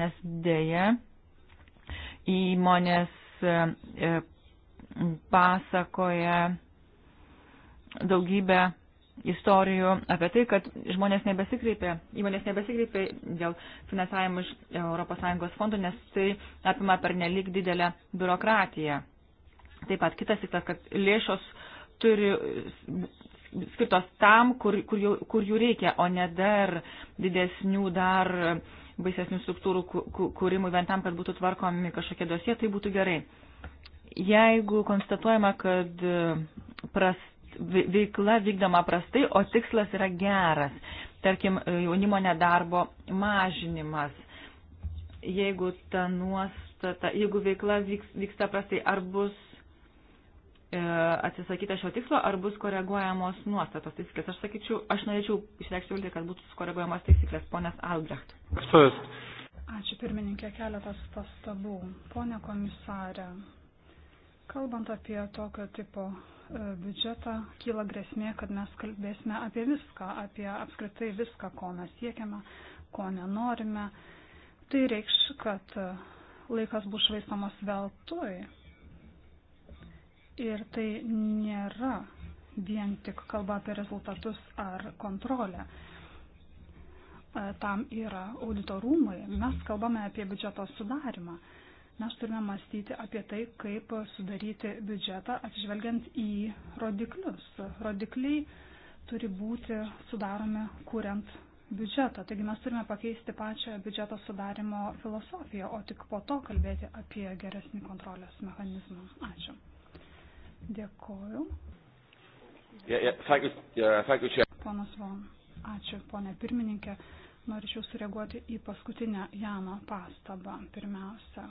Speaker 1: nes dėja Įmonės e, e, pasakoja daugybę istorijų apie tai, kad žmonės nebesikreipė, įmonės nebesikreipė dėl finansavimo iš ES fondų, nes tai apima per nelik didelę biurokratiją. Taip pat kitas tikslas, kad lėšos turi skirtos tam, kur, kur, jų, kur jų reikia, o ne dar didesnių dar baisesnių struktūrų kūrimui, bent tam, kad būtų tvarkomi kažkokie dosie, tai būtų gerai. Jeigu konstatuojama, kad e, prast, veikla vykdoma prastai, o tikslas yra geras, tarkim, e, jaunimo nedarbo mažinimas, jeigu ta nuostata, jeigu veikla vyksta prastai, ar bus E, atsisakyta šio tikslo, ar bus koreguojamos nuostatos taisyklės. Aš sakyčiau, aš norėčiau išreikšti viltį, kad būtų koreguojamos taisyklės, ponės Albrecht.
Speaker 3: Ačiū pirmininkė, keletas pastabų. Pone komisarė, kalbant apie tokio tipo e, biudžetą, kyla grėsmė, kad mes kalbėsime apie viską, apie apskritai viską, ko mes siekiame, ko nenorime. Tai reikš, kad e, laikas bus švaistamas veltui Ir tai nėra vien tik kalba apie rezultatus ar kontrolę. E, tam yra auditorumai. Mes kalbame apie biudžeto sudarimą. Mes turime mąstyti apie tai, kaip sudaryti biudžetą atsižvelgiant į rodiklius. Rodikliai turi būti sudaromi kuriant biudžetą. Taigi mes turime pakeisti pačią biudžeto sudarimo filosofiją, o tik po to kalbėti apie geresnį kontrolės mechanizmą. Ačiū. Dėkoju.
Speaker 1: Yeah, yeah, thank you, yeah, thank you,
Speaker 3: Ponas Von, ačiū, ponė pirmininkė. Norėčiau sureaguoti į paskutinę Jano pastabą pirmiausia.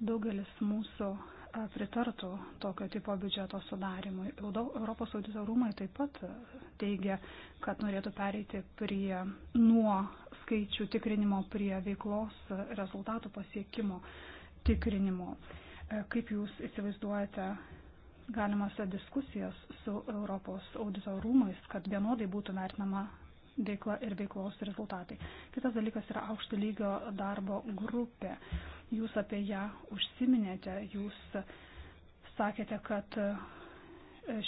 Speaker 3: Daugelis mūsų e, pritartų tokio tipo biudžeto sudarimui. Europos audito rūmai taip pat teigia, kad norėtų pereiti prie nuo skaičių tikrinimo prie veiklos rezultatų pasiekimo tikrinimo. E, kaip Jūs įsivaizduojate galimas diskusijas su Europos audito rūmais, kad vienodai būtų vertinama veikla ir veiklos rezultatai. Kitas dalykas yra aukšto lygio darbo grupė. Jūs apie ją užsiminėte, jūs sakėte, kad e,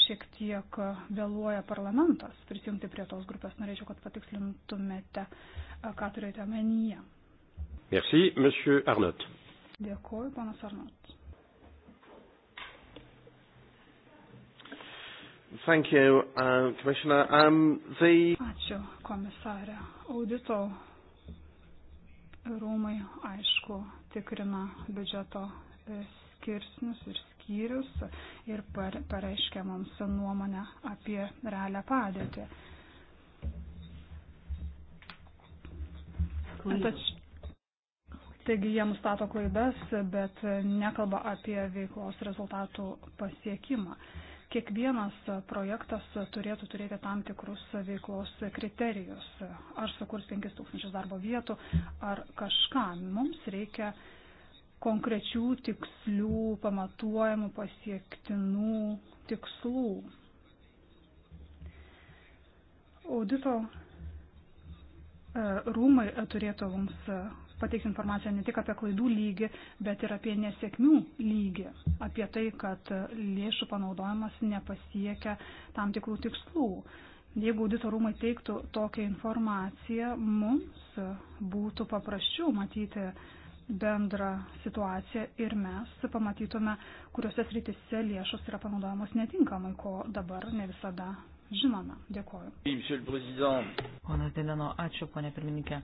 Speaker 3: šiek tiek vėluoja parlamentas prisijungti prie tos grupės. Norėčiau, kad patikslintumėte, e, ką turėjote omenyje.
Speaker 2: Merci, monsieur Arnott.
Speaker 3: Dėkuoju, panas Arnott.
Speaker 2: Thank you, uh, Commissioner. Um,
Speaker 3: the... Ačiū, komisarė. Audito rūmai, aišku, tikrina biudžeto e, skirsnius ir skyrius ir pareiškia mums nuomonę apie realią padėtį. Tač, taigi jie nustato klaidas, bet nekalba apie veiklos rezultatų pasiekimą. Uh, kiekvienas projektas turėtų turėti tam tikrus veiklos kriterijus. Ar sukurs 5000 darbo vietų, ar kažką. Mums reikia konkrečių tikslių, pamatuojamų, pasiektinų tikslų. Audito e, rūmai turėtų mums pateiks informaciją ne tik apie klaidų lygį, bet ir apie nesėkmių lygį, apie tai, kad lėšų panaudojimas nepasiekia tam tikrų tikslų. Jeigu auditorumai teiktų tokią informaciją, mums būtų paprasčiau matyti bendrą situaciją ir mes pamatytume, kuriuose sritise lėšos yra panaudojamos netinkamai, ko dabar ne visada žinome. Dėkoju.
Speaker 1: Ponas Deleno, ačiū, ponė pirmininkė.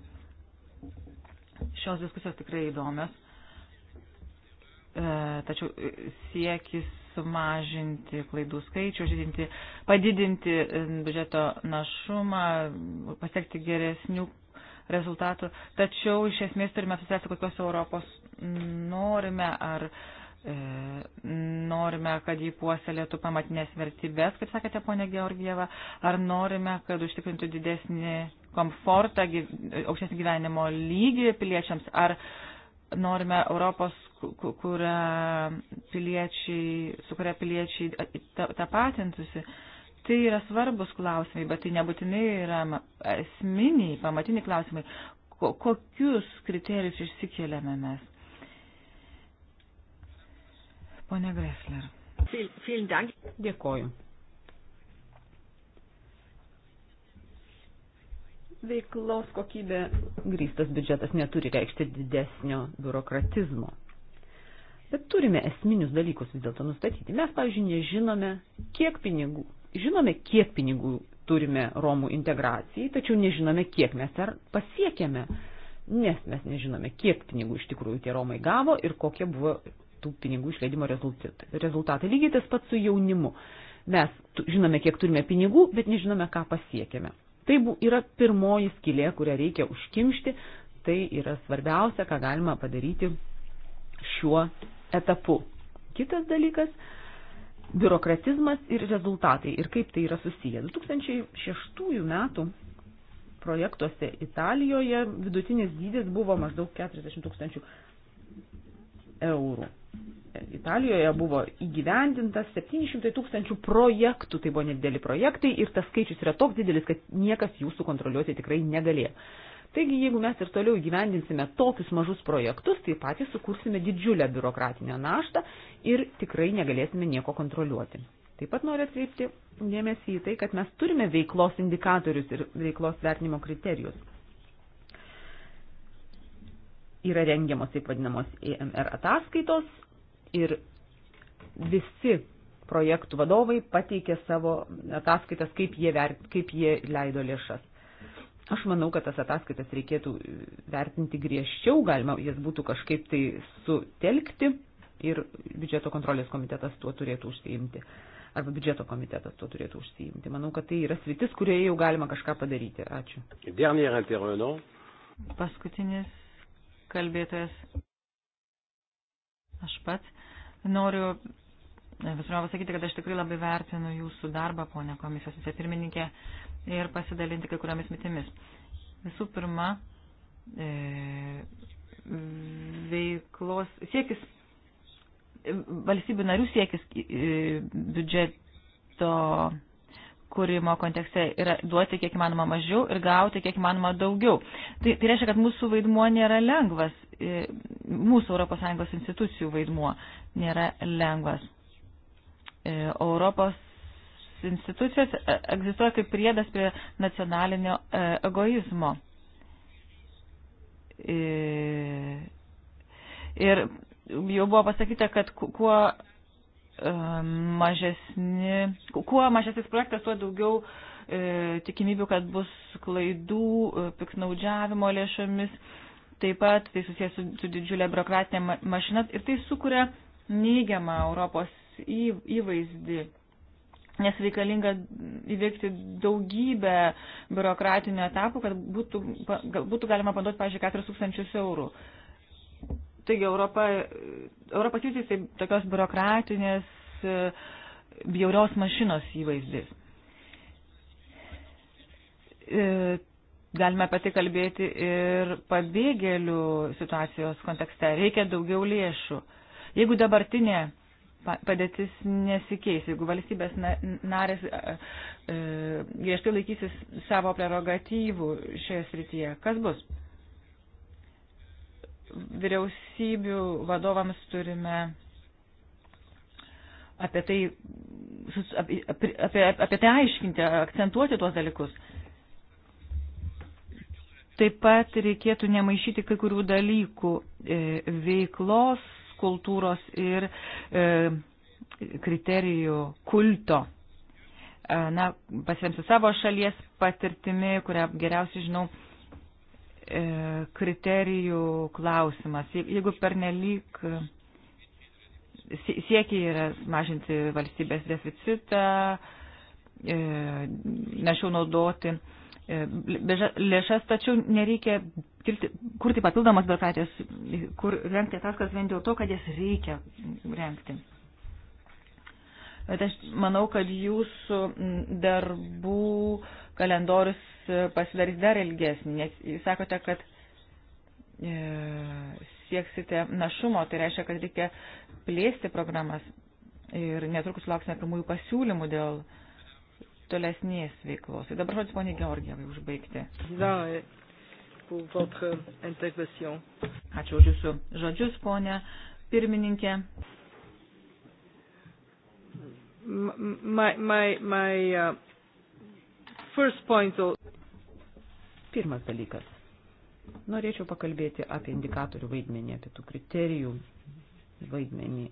Speaker 1: Šios diskusijos tikrai įdomios, e, tačiau siekis sumažinti klaidų skaičių, žydinti, padidinti e, biudžeto našumą, pasiekti geresnių rezultatų. Tačiau iš esmės turime apsispręsti, kokios Europos norime, ar uh, E, norime, kad jį puoselėtų pamatinės vertybės, kaip sakėte, ponė Georgieva, ar norime, kad užtikrintų didesnį komfortą, aukštesnį gyvenimo lygį piliečiams, ar norime Europos, kuria piliečiai, su kuria piliečiai tapatintusi. Tai yra svarbus klausimai, bet tai nebūtinai yra esminiai, pamatiniai klausimai. Kokius kriterijus išsikeliame mes? Pone Gressler.
Speaker 2: Dėkoju. Veiklos kokybė grįstas biudžetas neturi reikšti didesnio biurokratizmo. Bet turime esminius dalykus vis dėlto nustatyti. Mes, pavyzdžiui, nežinome, kiek pinigų, žinome, kiek pinigų turime Romų integracijai, tačiau nežinome, kiek mes ar pasiekėme, nes mes nežinome, kiek pinigų iš tikrųjų tie Romai gavo ir kokie buvo tų pinigų išleidimo rezultatai. Lygiai tas pats su jaunimu. Mes žinome, kiek turime pinigų, bet nežinome, ką pasiekėme. Tai yra pirmoji skylė, kurią reikia užkimšti. Tai yra svarbiausia, ką galima padaryti šiuo etapu. Kitas dalykas - biurokratizmas ir rezultatai ir kaip tai yra susiję. 2006 metų projektuose Italijoje vidutinis dydis buvo maždaug 40 tūkstančių eurų. Italijoje buvo įgyvendintas 700 tūkstančių projektų, tai buvo nedideli projektai ir tas skaičius yra toks didelis, kad niekas jų sukontroliuoti tikrai negalėjo. Taigi, jeigu mes ir toliau įgyvendinsime tokius mažus projektus, tai patys sukursime didžiulę biurokratinę naštą ir tikrai negalėsime nieko kontroliuoti. Taip pat noriu atkreipti dėmesį į tai, kad mes turime veiklos indikatorius ir veiklos vertinimo kriterijus. Yra rengiamos taip vadinamos EMR ataskaitos, ir visi projektų vadovai pateikė savo ataskaitas, kaip jie, ver, kaip jie leido lėšas. Aš manau, kad tas ataskaitas reikėtų vertinti griežčiau, galima jas būtų kažkaip tai sutelkti ir biudžeto kontrolės komitetas tuo turėtų užsiimti. Arba biudžeto komitetas tuo turėtų užsiimti. Manau, kad tai yra sritis, kurioje jau galima kažką padaryti. Ačiū. Paskutinis kalbėtojas.
Speaker 1: Aš pats noriu visur pasakyti, kad aš tikrai labai vertinu jūsų darbą, ponė komisijos vicepirmininkė, ir pasidalinti kai kuriomis mitimis. Visų pirma, e, veiklos siekis, valstybių narių siekis e, biudžeto kūrimo kontekste yra duoti kiek įmanoma mažiau ir gauti kiek įmanoma daugiau. Tai, tai reiškia, kad mūsų vaidmuo nėra lengvas, e, mūsų ES institucijų vaidmuo nėra lengvas. E, Europos institucijos e, egzistuoja kaip priedas prie nacionalinio egoizmo. Ir jau buvo pasakyta, kad kuo Um, mažesni, kuo mažesnis projektas, tuo daugiau e, tikimybių, kad bus klaidų, e, piknaudžiavimo lėšomis, taip pat tai susijęs su, su didžiulė biurokratinė ma mašina ir tai sukuria neigiamą Europos į, įvaizdį. Nes reikalinga įveikti daugybę biurokratinių etapų, kad būtų, gal, būtų galima panduoti, pažiūrėjau, 4 tūkstančius eurų. E, Taigi Europa, Europa keičiasi tai tokios biurokratinės, e, bjaurios mašinos įvaizdis. E, galime apie tai kalbėti ir pabėgėlių situacijos kontekste. Reikia daugiau lėšų. Jeigu dabartinė padėtis nesikeis, jeigu valstybės narės e, griežtai laikysis savo prerogatyvų šioje srityje, kas bus? vyriausybių vadovams turime apie tai, apie, apie, apie tai aiškinti, akcentuoti tuos dalykus. Taip pat reikėtų nemaišyti kai kurių dalykų e, veiklos, kultūros ir e, kriterijų kulto. E, na, pasiremsiu savo šalies patirtimi, kurią geriausiai žinau, e, E, kriterijų klausimas. Jeigu pernelyg e, siekiai yra mažinti valstybės deficitą, e, nešiau naudoti lėšas, tačiau nereikia kilti, kurti papildomas biurokratijas, kur rengti ataskas vien dėl to, kad jas reikia rengti. Bet aš manau, kad jūsų darbų kalendorius e, pasidarys dar ilgesnį, nes jūs sakote, kad e, sieksite našumo, tai reiškia, kad reikia plėsti programas ir netrukus lauksime pirmųjų pasiūlymų dėl tolesnės veiklos. Ir dabar žodis poniai Georgievai užbaigti. E, euh, Ačiū už jūsų žodžius, ponė pirmininkė.
Speaker 2: My, my, my, uh first point. Pirmas dalykas. Norėčiau pakalbėti apie indikatorių vaidmenį, apie tų kriterijų vaidmenį.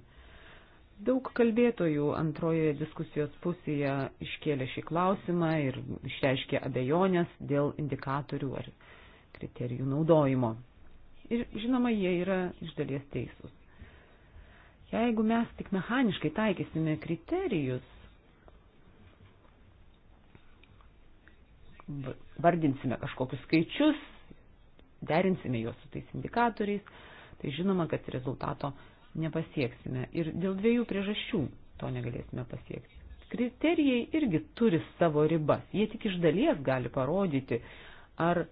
Speaker 2: Daug kalbėtojų antrojoje diskusijos pusėje iškėlė šį klausimą ir išreiškė abejonės dėl indikatorių ar kriterijų naudojimo. Ir žinoma, jie yra iš dalies teisūs. Jeigu mes tik mechaniškai taikysime kriterijus, vardinsime kažkokius skaičius, derinsime juos su tais indikatoriais, tai žinoma, kad rezultato nepasieksime. Ir dėl dviejų priežasčių to negalėsime pasiekti. Kriterijai irgi turi savo ribas. Jie tik iš dalies gali parodyti, ar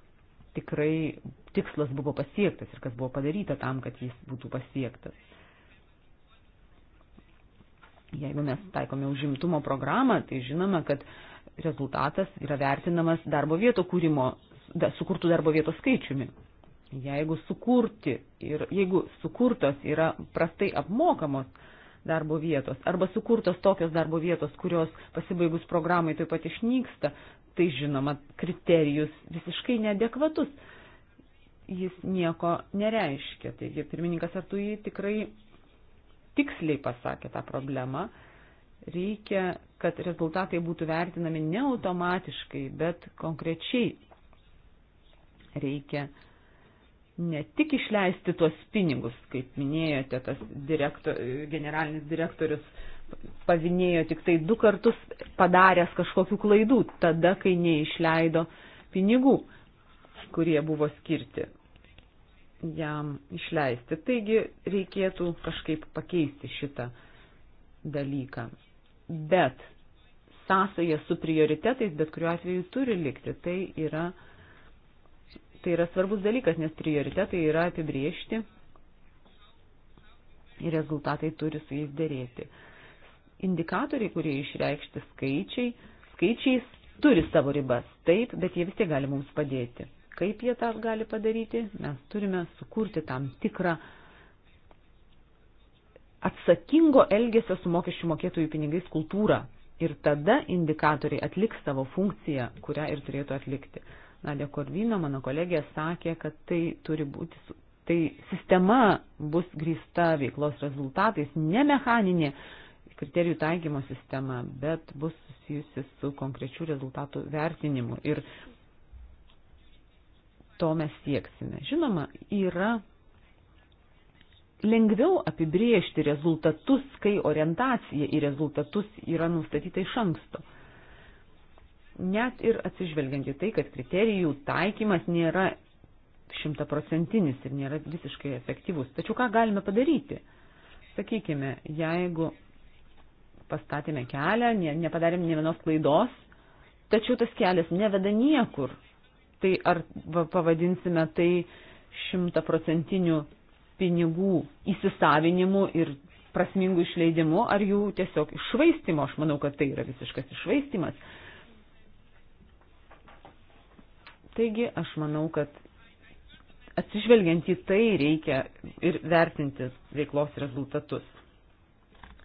Speaker 2: tikrai tikslas buvo pasiektas ir kas buvo padaryta tam, kad jis būtų pasiektas. Jeigu mes taikome užimtumo programą, tai žinome, kad uh, rezultatas yra vertinamas darbo vieto kūrimo, da, sukurtų darbo vietos skaičiumi. Jeigu, sukurti, ir, jeigu sukurtos yra prastai apmokamos darbo vietos arba sukurtos tokios darbo vietos, kurios pasibaigus programai taip pat išnyksta, tai žinoma, kriterijus visiškai nedekvatus. Jis nieko nereiškia. Taigi pirmininkas Artui tikrai tiksliai pasakė tą problemą Reikia, kad rezultatai būtų vertinami ne automatiškai, bet konkrečiai. Reikia ne tik išleisti tuos pinigus, kaip minėjote, tas direktor, generalinis direktorius pavinėjo tik tai du kartus padaręs kažkokių klaidų, tada, kai neišleido pinigų, kurie buvo skirti jam išleisti. Taigi reikėtų kažkaip pakeisti šitą dalyką bet sąsaja su prioritetais bet kuriuo atveju turi likti. Tai yra, tai yra svarbus dalykas, nes prioritetai yra apibriežti ir rezultatai turi su jais dėrėti. Indikatoriai, kurie išreikšti skaičiai, skaičiais turi savo ribas, taip, bet jie vis tiek gali mums padėti. Kaip jie tą gali padaryti? Mes turime sukurti tam tikrą uh, atsakingo elgesio su mokesčių mokėtojų pinigais kultūrą. Ir tada indikatoriai atliks savo funkciją, kurią ir turėtų atlikti. Nadė Korvino, mano kolegė, sakė, kad tai turi būti, tai sistema bus grįsta veiklos rezultatais, ne mechaninė kriterijų taikymo sistema, bet bus susijusi su konkrečių rezultatų vertinimu. Ir to mes sieksime. Žinoma, yra lengviau apibriežti rezultatus, kai orientacija į rezultatus yra nustatyta iš anksto. Net ir atsižvelgiant į tai, kad kriterijų taikymas nėra šimtaprocentinis ir nėra visiškai efektyvus. Tačiau ką galime padaryti? Sakykime, jeigu pastatėme kelią, ne, nepadarėm ne vienos klaidos, tačiau tas kelias neveda niekur, tai ar pavadinsime tai šimtaprocentiniu pinigų įsisavinimu ir prasmingų išleidimu, ar jų tiesiog išvaistimu. Aš manau, kad tai yra visiškas išvaistimas. Taigi, aš manau, kad atsižvelgiant į tai reikia ir vertinti veiklos rezultatus.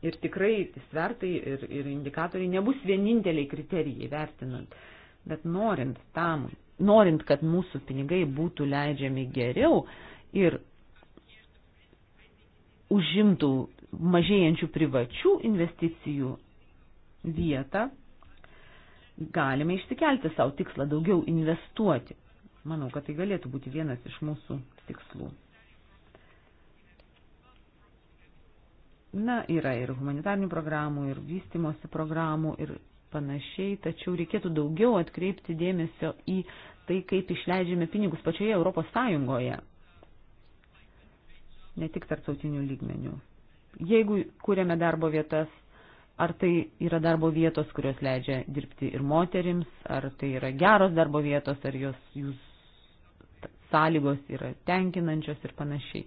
Speaker 2: Ir tikrai svertai ir, ir indikatoriai nebus vieninteliai kriterijai vertinant, bet norint tam, norint, kad mūsų pinigai būtų leidžiami geriau ir užimtų mažėjančių privačių investicijų vietą, galime išsikelti savo tikslą daugiau investuoti. Manau, kad tai galėtų būti vienas iš mūsų tikslų. Na, yra ir humanitarnių programų, ir vystimosi programų, ir panašiai, tačiau reikėtų daugiau atkreipti dėmesio į tai, kaip išleidžiame pinigus pačioje Europos Sąjungoje ne tik tarptautinių lygmenių. Jeigu kūrėme darbo vietas, ar tai yra darbo vietos, kurios leidžia dirbti ir moterims, ar tai yra geros darbo vietos, ar jos jūs sąlygos yra tenkinančios ir panašiai.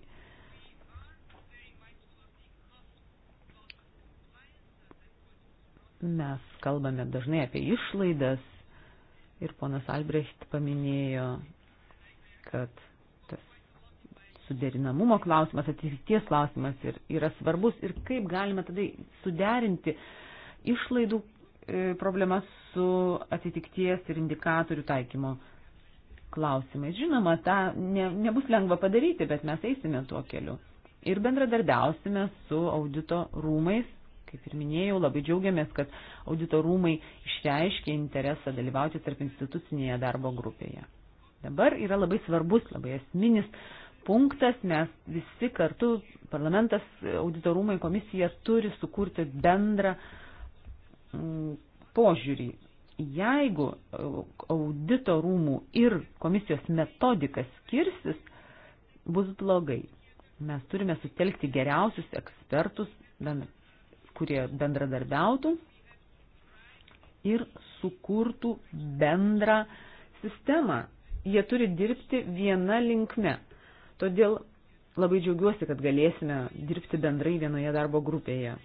Speaker 2: Mes kalbame dažnai apie išlaidas ir ponas Albrecht paminėjo, kad suderinamumo klausimas, atitikties klausimas ir, yra svarbus ir kaip galime tada suderinti išlaidų e, problemas su atitikties ir indikatorių taikymo klausimais. Žinoma, tą ne, nebus lengva padaryti, bet mes eisime tuo keliu. Ir bendradarbiausime su audito rūmais, kaip ir minėjau, labai džiaugiamės, kad audito rūmai išreiškė interesą dalyvauti tarp institucinėje darbo grupėje. Dabar yra labai svarbus, labai esminis punktas, mes visi kartu, parlamentas, auditorumai, komisija turi sukurti bendrą mm, požiūrį. Jeigu e, auditorumų ir komisijos metodikas skirsis, bus blogai. Mes turime sutelkti geriausius ekspertus, kurie bendradarbiautų ir sukurtų bendrą sistemą. Jie turi dirbti vieną linkme. Todėl labai džiaugiuosi, kad galėsime dirbti bendrai vienoje darbo grupėje.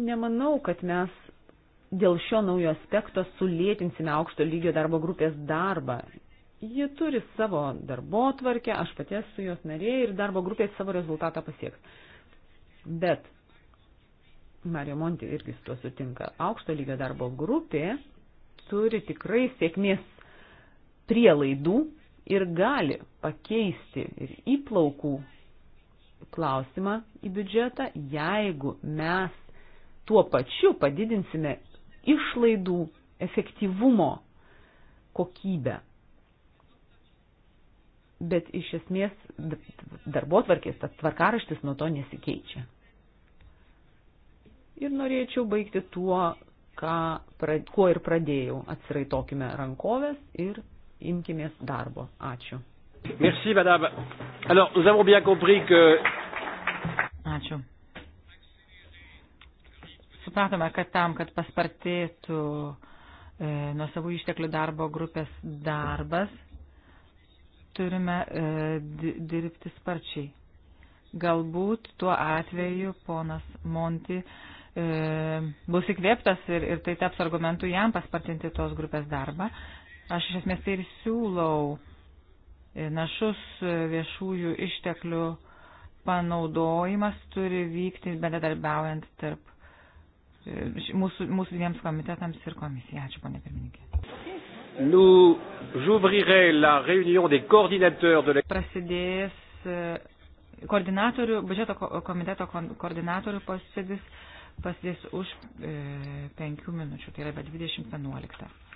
Speaker 2: Nemanau, kad mes dėl šio naujo aspekto sulėtinsime aukšto lygio darbo grupės darbą. Ji turi savo darbo tvarkę, aš pati esu jos narė ir darbo grupė savo rezultatą pasieks. Bet Mario Monti irgi su tuo sutinka. Aukšto lygio darbo grupė turi tikrai sėkmės prielaidų ir gali pakeisti ir įplaukų klausimą į biudžetą, jeigu mes tuo pačiu padidinsime išlaidų efektyvumo kokybę. Bet iš esmės darbo tvarkės, tas tvarkaraštis nuo to nesikeičia. Ir norėčiau baigti tuo, ką, kuo ir pradėjau. Atsiraitokime rankovės ir imkimės darbo. Ačiū. Merci, madame. Alors, nous avons bien compris que. Ačiū.
Speaker 1: Supratome, kad tam, kad paspartėtų e, nuo savų išteklių darbo grupės darbas, turime e, dirbti sparčiai. Galbūt tuo atveju ponas Monti e, bus įkvėptas ir, ir tai taps argumentu jam paspartinti tos grupės darbą, Aš iš esmės tai ir siūlau našus viešųjų išteklių panaudojimas turi vykti bendradarbiaujant tarp e, mūsų, mūsų dviems komitetams ir komisija. Ačiū, ponė pirmininkė. Nous, la réunion des coordinateurs de la... Prasidės e, koordinatorių, biudžeto komiteto koordinatorių posėdis pasidės už e, penkių minučių, tai yra be 20.11.